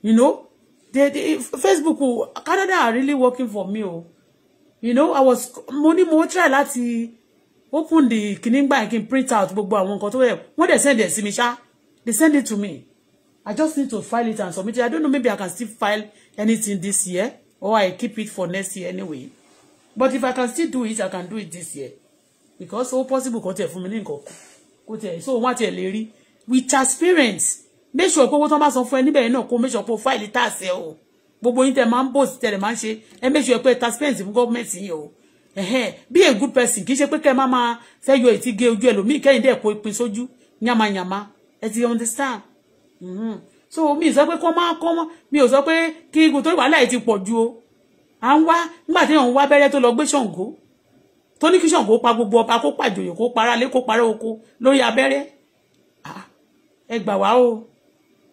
you know the, the Facebook Canada are really working for me o you know I was money ní mo try láti open the kìíní gbà e kí print out gbogbo àwọn nǹkan tó yẹ wọ́n dẹ̀ send it sí mi ṣá they send it to me I just need to file it and submit it I don't know maybe I can still file anything this year or I keep it for next year anyway but if I can still do it I can do it this year because all possible kó tẹ̀ fún mi ní nǹkan kó tẹ̀ so wọ́n á tẹ̀ lè with transparency. make sure pé owó tó ń bá san fún ẹ níbẹ̀ náà kó make sure pé o file tá a ṣe o gbogbo yín tẹ máa ń bò sí tẹ̀lé máa ń ṣe make sure pé transparency. fún gọ́ọ̀mẹ̀ntì yìí o be a good person kì í ṣe pé kẹ́ ẹ má máa fẹ́ yọ ètí gé ojú ẹlòmíì kẹ́yìn dẹ̀ kó ìpín sójú yamayama ẹ ti understand mm-hmm. so mi ò sọ pé kọ́ máa kọ́ mi ò sọ pé kí igun tó wàhálà yìí ti pọ̀ ju o à ń wá nígbà tí òun wá bẹ́rẹ́ tó lọ gbé ṣàǹgó tó ní kí ṣàǹgó pa gbogbo ọba kó pàjòyè kó para lé kó parẹ́ oko lórí abẹ́rẹ́ ẹ gbà wá o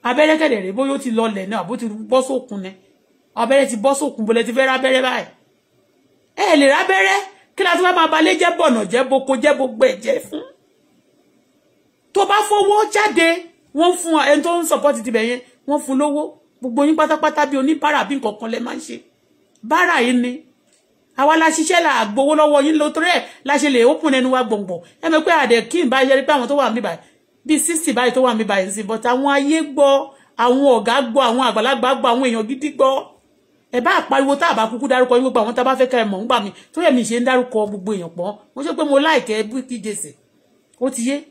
abẹ́rẹ́ kẹ̀dẹ̀ rèé bóyá ó ti lọlẹ̀ náà bó ti bọ́ sókun náà abẹ́rẹ́ ti bọ́ sókun bọ́lẹ̀ ti fẹ́ rábẹ́rẹ́ báyìí ẹ lè rábẹ́rẹ́ kí la ti fẹ́ máa balẹ̀ jẹ́ bọ̀nà jẹ́ boko jẹ́ gbogbo ẹ̀ jẹ́ fún tó bá fowó jáde wọ́n fún ẹni tó ń sọpọ́tì tibẹ̀ yẹn wọ́n fún lówó gbogbo yín pátápátá bí oníbàárà bí nǹkan lẹ máa ń ṣe bàárà yín ni àwa la ṣiṣẹ́ la gbowó lọ́wọ́ yín lótorí ẹ̀ la ṣe lè ópùn ẹnu wa gbọ̀ngbọ̀n ẹ mọ̀ pé àdẹ̀ kí n bá yẹrí pé àwọn tó wà mí báyìí bíi sixty báyìí tó wà mí báyìí sí but àwọn ayé gbọ́ àwọn ọ̀gá gbọ́ àwọn àgbàlagbà gbọ́ àwọn èèyàn gidi gbọ́ ẹ bá pariwo tá a bá kúkú dárúkọ yín gbogbo àwọn tá a bá fẹ́ ká ẹ mi tó yẹ mi ṣe ń dárúkọ gbogbo èèyàn pọ̀ mo ṣe pé mo láìkẹ́ Bukky Jesse ó ti yé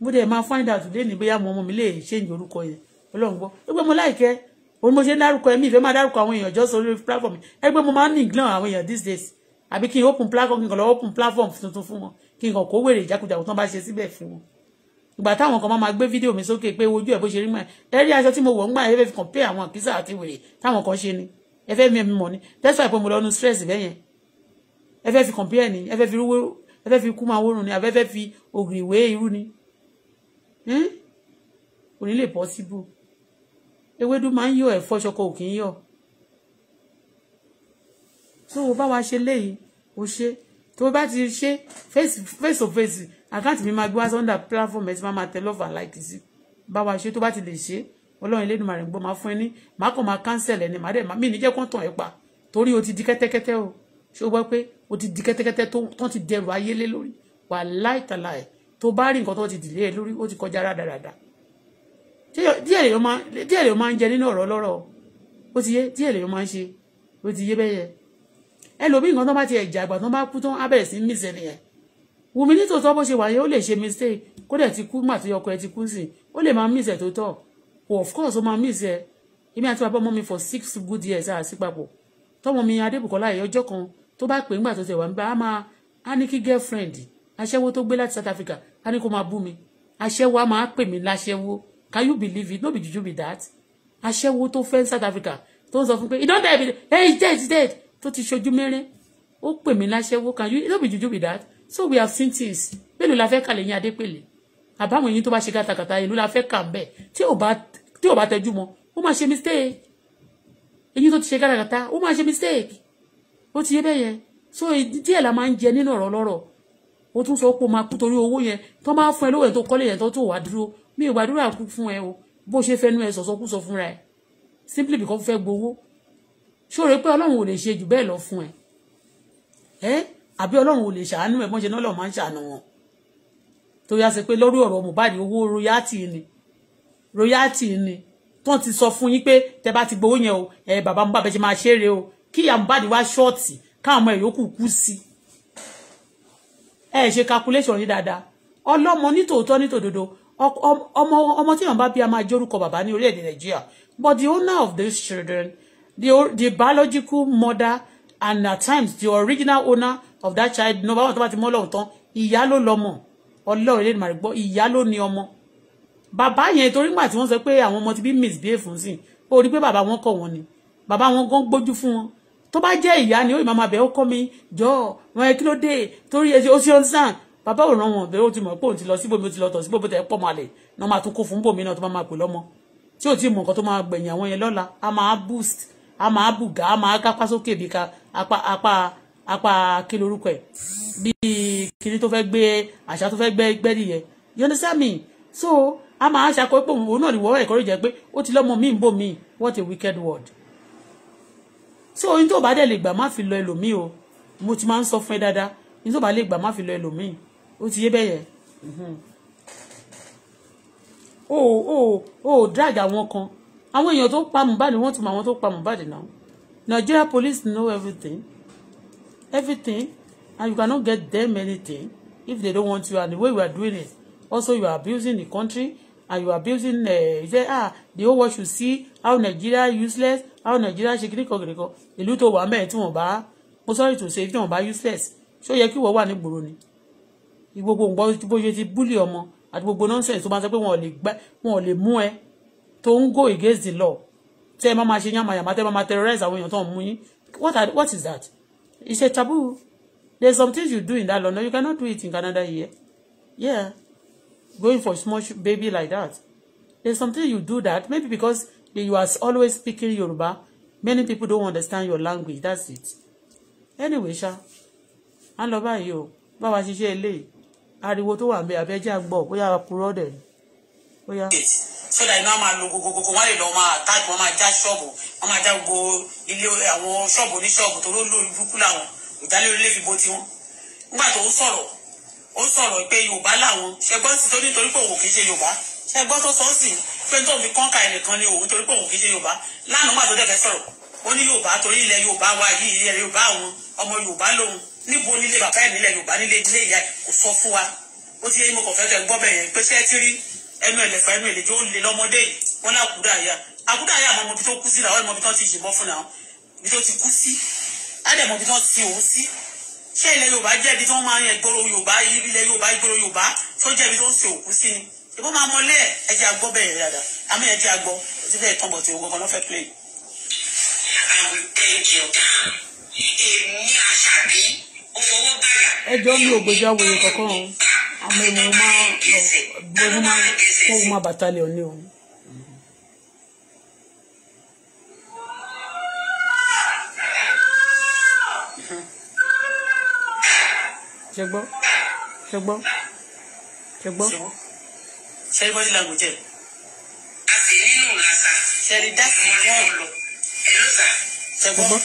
mo de máa find out lé ní bóyá mo ọmọ mi lè change orúkọ yẹn ọlọ́run gbọ́ gbogbo mo like e, òun mo ṣe ń dárúkọ ẹ̀mí ìfẹ́ máa dárúkọ àwọn èèyàn just orí platform ẹ gbé mo máa ni ní ìgbìlàn àwọn these days Abi ki open platform kí n open platform tuntun fún wọn kí n kàn kó wèrè ìjákujàkù tán bá ṣe síbẹ̀ fún wọn ìgbà táwọn kan máa gbé fídíò mi sókè pé ojú ẹ̀ bó ṣe rí mọ́ ẹ rí aṣọ tí mo wọ̀ ń gbà ẹ fẹ́ fi kàn pé àwọn àkísà àti wèrè táwọn kan ṣe ni ẹ mi ẹ̀mí mọ̀ ni that's why mo lọ́nu stress bẹ́ẹ̀ yẹn ẹ fẹ́ fi compare ni ẹ fẹ́ fi rúwé ẹ fẹ́ fi kú máa wórun ni àbẹ́ fẹ́ fi ògiri wé irú ni hm? kò lè possible ewédú máa ń yọ ẹ̀fọ́ ṣọkọ ò kì í yọ tó o bá wa ṣe léyìí o ṣe tó o bá ti ṣe face to face àkáǹtì mi máa gbé wá sọ́ndà platform ẹ̀ tí máa máa tẹ love and like sí bá wa ṣe tó bá ti lè ṣe ọlọ́run Elédùmarè ń gbọ́ máa fún ẹ ní máa kàn máa cancel ẹni máa dẹ̀ máa mí níjẹ́ kán tàn ẹ́ pa torí o ti di kẹ́tẹ́kẹ́tẹ́ o ṣé o gbọ́ pé o ti di kẹ́tẹ́kẹ́tẹ́ tó ti dẹrù ayé lé lórí wà láìtàláì tó bá rí nǹkan tó ti dìlé ẹ lórí ó ti kọjá rádaràda díẹ̀ lèèyàn máa ń jẹ nínú ọ̀rọ̀ ọlọ́rọ̀ ó ti yé díẹ̀ lèèyàn máa ń ṣe ó ti yé bẹ́yẹ ẹlòmíì nǹkan tó bá ti ẹ̀jà àgbà tó bá wùmí nítòótọ́ bó ṣe wà ó lè ṣe mistake kó dẹ̀ ti kú mà tó ẹ ti kú sí ó lè máa mí ìṣẹ̀ tó tọ̀ o of course o máa miss ẹ èmi àti bàbá ọmọ mi for six good years àti papọ̀ tọmọ mi adébùkọ́lá yìí ọjọ́ kan tó bá pè ńgbà tó tẹ̀ wá ń bá a máa a, ní kí girlfriend aṣẹ́wó tó gbé láti South Africa á ní kó máa bú mi aṣẹ́wó á máa pè mí láṣẹ́wó can you believe it no be juju be that aṣẹ́wó tó fẹ́ South Africa tó ń sọ fún pé he don die be hey he dead he dead tó ti ṣojú mẹ́rin ó pè mí láṣẹ́wó can you no be juju be that so we have seen things mélòó la fẹ́ kàlẹ́ yín adépèlé àbáwọn yín tó bá ṣe kàtàkàtà ìlú la fẹ́ kà ń tí ò bá tí ò bá tẹjú mọ́ ó máa ṣe mistake eyín tó ti ṣe gàràgàtà ó máa ṣe mistake ó ti yé bẹ́ẹ̀ yẹn so díẹ̀ la máa ń jẹ nínú ọ̀rọ̀ lọ́rọ̀ ó tún sọ pé o máa kú torí owó yẹn tó máa fún ẹ lówó yẹn tó kọ́lé yẹn tó tó wà dúró mi ò gbàdúrà kú fún ẹ o bó ṣe fẹnu ẹ sọ̀sọ́ kú sọ fúnra ẹ simply because fẹ́ gbowó ṣòro pé ọlọ́run ò lè ṣe jù bẹ́ẹ̀ lọ fún ẹ ẹ àbí ọlọ́run ò lè ṣàánú ẹ mọ́ṣẹ́ náà lọ́ọ́ máa ń ṣàánú wọn tó yá sí pé lórí ọ̀rọ̀ Mohbad owó royalty ni royalty ni tọ́n ti sọ fún yín pé tẹ́ bá ti gbowó yẹn o ẹ bàbá mo bá bẹ́ẹ̀ ṣe máa ṣeré o kí ìyá Mohbad wá ṣọ́ọ̀tì káwọn ọmọ ìyókù kú sí ẹ ṣe calculation yìí dáadáa ọlọ́mọ nítòótọ́ nítòdodo ọmọ ọmọ tí yàn bá bí a máa jórúkọ bàbá ní orílẹ̀-èdè Nàìjíríà but the owner of these children the, the biological mother and at times the original owner of that child number one tó bá ti mọ́ lọ́hùn tán ìyá ló lọ́mọ ọlọ́run lè má gbọ́ ìyá ló ní ọmọ bàbá yẹn torí nígbà tí wọ́n sọ pé àwọn ọmọ ti bí misbehave fún sí ó rí pé bàbá wọn kọ̀ wọ́n ni bàbá wọn gan gbójú fún wọn tó bá jẹ́ ìyá ni ó ìmọ̀ àbẹ̀ ó kọ́ mi jọ wọn ẹ kí ló dé torí ẹ ó sì ń sàn bàbá ò ràn wọn ọ̀bẹ ó ti mọ̀ pé òun ti lọ síbòmí ó ti lọ tọ̀ síbòmí tẹ̀ pọ̀ malẹ̀ náà máa tún kó fún bòmí náà tó máa pè lọ́mọ tí ò tí mọ̀ nǹkan tó máa gbẹ̀yìn àwọn yẹn lọ́la a máa boost a máa bùgà a máa kápá sókè bí ka apá apá apá kí lorúkọ ẹ̀ bíi kiri tó fẹ́ gbé àṣà tó fẹ́ gbẹ́ gbẹ́rì yẹn you understand me so a máa ṣàkóso pé òun náà ni wọ́n ẹ̀kọ́ rẹ̀ jẹ́ pé ó ti lọ́mọ mí ń bò mí what a wicked word. so oyún tó bá dẹ̀ lè gbà má fi lọ ẹlòmíì o mo ti máa ń sọ fún ẹ dáadáa oyún tó bá lè gbà má fi lọ ẹlòmíì ó ti yé bẹ́yẹ. Mhm. o o o drag àwọn kan àwọn èèyàn tó pa Mohbad wọ́n ti mọ àwọn tó pa Mohbad náà Nigeria police know everything everything and you cannot get them anything if they don't want you and the way we are doing it also you are abusing the country and you are building. uh, you say ah the whole world should see how Nigeria useless how Nigeria ṣe kiri kan kiri kan ìlú tó wà mẹ́rin tí wọ́n bá mo sorry to say tí wọ́n bá useless ṣó yẹ kí wọ́n wà ní gbòòrò ni gbogbo nǹkan bó ṣe ti búlì ọmọ àti gbogbo nonsense tó máa sọ pé wọn ò lè gbẹ wọn ò lè mú ẹ tó ń go against the law tẹ ẹ má máa ṣe yàmàyàmà tẹ ẹ má máa terrorize àwọn èèyàn tó ń mú yín what are what is that it's a taboo there's some things you do in that law no you cannot do it in Canada here yeah going for small baby like that there's something you do that maybe because you are always speaking Yoruba many people don't understand your language that's it anyway And ṣá à ń lọ báyìí o báwa ṣiṣẹ́ eléyìí ariwo tó wà ń bẹ abẹ́jà gbọ́ bóyá apurọ́ We are. so that go iná máa lo gogogogo wọn lè lọ máa táàkì wọn máa já ṣọ́ọ̀bù wọn máa já gbogbo ilé àwọn ṣọ́ọ̀bù oníṣọ́ọ̀bù tó ló lórí burúkú làwọn ìdálérò lè fi bo tiwọn nígbà tó to sọ̀rọ̀ ó sọ̀rọ̀ pé yorùbá làwọn ṣẹgbọ́n sì tó nítorí pé òun kì í ṣe yorùbá ṣẹgbọ́n tó sọ sí pé tóun fi kọ́ńkà ẹnìkan ni òun torí pé òun kì í ṣe yorùbá lánàá wà tó dẹ̀fẹ́ sọ̀rọ̀ ó ní yorùbá torí ilẹ̀ yorùbá wa yìí ilẹ̀ yorùbá àwọn ọmọ yorùbá lòun níbo nílé bàbá ẹ̀ nílẹ̀ yorùbá nílé ilé ìyá kò sọ fún wa ó ti yẹ mo kàn fẹ́ kẹ́ gbọ́ bẹ̀yẹn pé ṣé ti rí ẹnu ẹ̀lẹ̀fà ẹnu èlejò ó le lọ́mọdé wọn ní àkúdà àyà àkúdà àyà àmọ́ ibi tó kú sí làwọn ọmọ ibi tó ti yìnbọn fún náà ibi tó ti ṣé ilẹ̀ yorùbá jẹ́bi tí wọ́n máa ń yan ìgboro yorùbá ilẹ̀ yorùbá ìgboro yorùbá tó jẹ́bi tó ń ṣe òkú sí ni ìbọn máa mọ lẹ́ẹ̀ ẹ jẹ́ àgbọ́ bẹ̀rẹ̀ dada àmì ẹ jẹ́ àgbọ́ ti fẹ́ tán bọ̀ tí ogun kan ló fẹ́ pè. ẹjọ́ mi ò gbèjà wòye kankan o àmọ́ mo máa gbọ́dọ̀ máa kó o máa bàtà lẹ̀ ọ́ ní òun. ṣe gbọ́ ṣe gbọ́ ṣe gbọ́. bọ́dí language ẹ̀. a sì nínú làṣà. ṣe rí dáàsì gan-an lọ. ẹ̀lú sà. ṣe gbọ́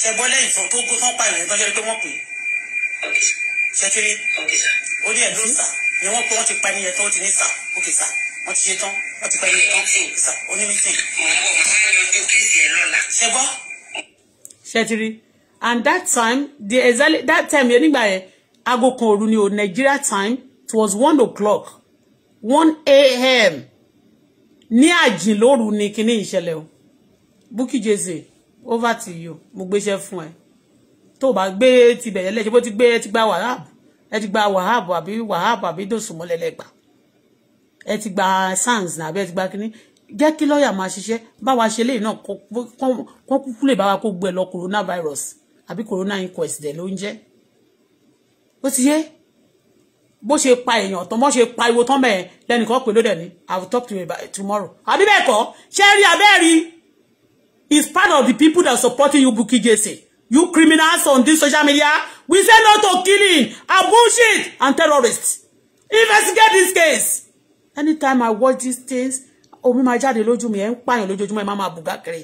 ṣe gbọ́ tó tó tó pààyàn tó ṣe pé wọ́n pè é. ṣe ó ní ẹ̀lú sà ni wọ́n pé wọ́n ti pa ẹniyẹn tó ti ní sà òkè sà wọ́n ti ṣe tán wọ́n ti pa ẹniyẹn tán sà ó ní mítìn. ṣe gbọ́. ṣe ti and that time the exactly that time yẹn nígbà yẹn aago kan òru ni o Nigeria time it was one o'clock one a.m. ní àjìnlóru ni kíní ìṣẹ̀lẹ̀ o Bukky Jesse over to you mo gbéṣẹ́ fún ẹ tó o bá gbé tibẹ̀ yẹn lẹ́sẹ̀ bó ti gbé ẹ ti gba wahab ẹ ti gba wahab àbí wahab àbí dòsùnmọ́lẹ́lẹ́gbà ẹ ti gba sans àbí ẹ ti gba kíní jẹ́ kí lọ́ọ̀yà máa ṣiṣẹ́ báwa ṣe léyìn náà kọ́ kúkú lè bá kó gbẹ lọ coronavirus àbí corona inquest dẹ̀ ló ń jẹ́ ó ti yé bó ṣe pa èèyàn tán bó ṣe pa iwo tán mẹ́ẹ̀ lẹ́nìkan pè lóde ní i will talk to you about it tomorrow àbí bẹ́ẹ̀ kọ́ ṣé rí abẹ́rí is part of the people that supporting you Bukky Jesse you criminals on this social media we say no to killing and bullshit and terrorists investigate this case anytime i watch these things omi máa jáde lójú mi ẹ̀ ń pààyàn lójoojúmọ́ ẹ̀ máa máa bùgá kiri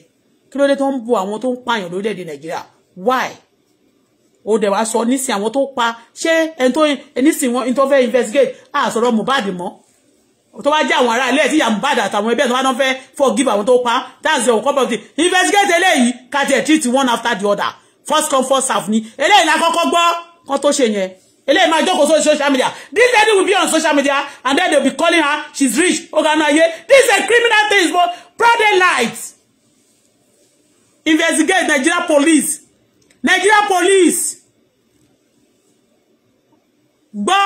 kí ló dé tó ń bu àwọn tó ń pààyàn lórílẹ̀ nàìjíríà why ó dẹ̀ wá sọ nísìn àwọn tó pa ṣé ẹni tó nísìn wọn tó fẹ́ investigate á sọ̀rọ̀ Mohbad mọ́ tó to jẹ́ àwọn ará ilé tí ìyá Mohbad àtàwọn ẹbí ẹ̀ tó bá náà fẹ́ forgive àwọn tó pa that's your company investigate eléyìí ká tiẹ̀ treat one after the other first come first serve ni eléyìí la kọ́kọ́ gbọ́ kán tó ṣe yẹn eléyìí máa jókòó sórí social media this lady will be on social media and then they will be calling her she's rich ogana aye this is a criminal thing but brother light investigate Nigeria police Nigeria police gbọ́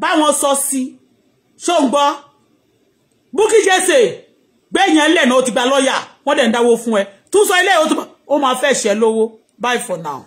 báwọn sọ sí ṣó ń gbọ́ Bukky Jesse gbẹ̀yìn ẹlẹ́nu ó ti gba lọ́ọ̀yà wọ́n dẹ̀ ń dáwó fún ẹ tún sọ ilé ó máa fẹ́ ṣẹ́ lówó bye for now.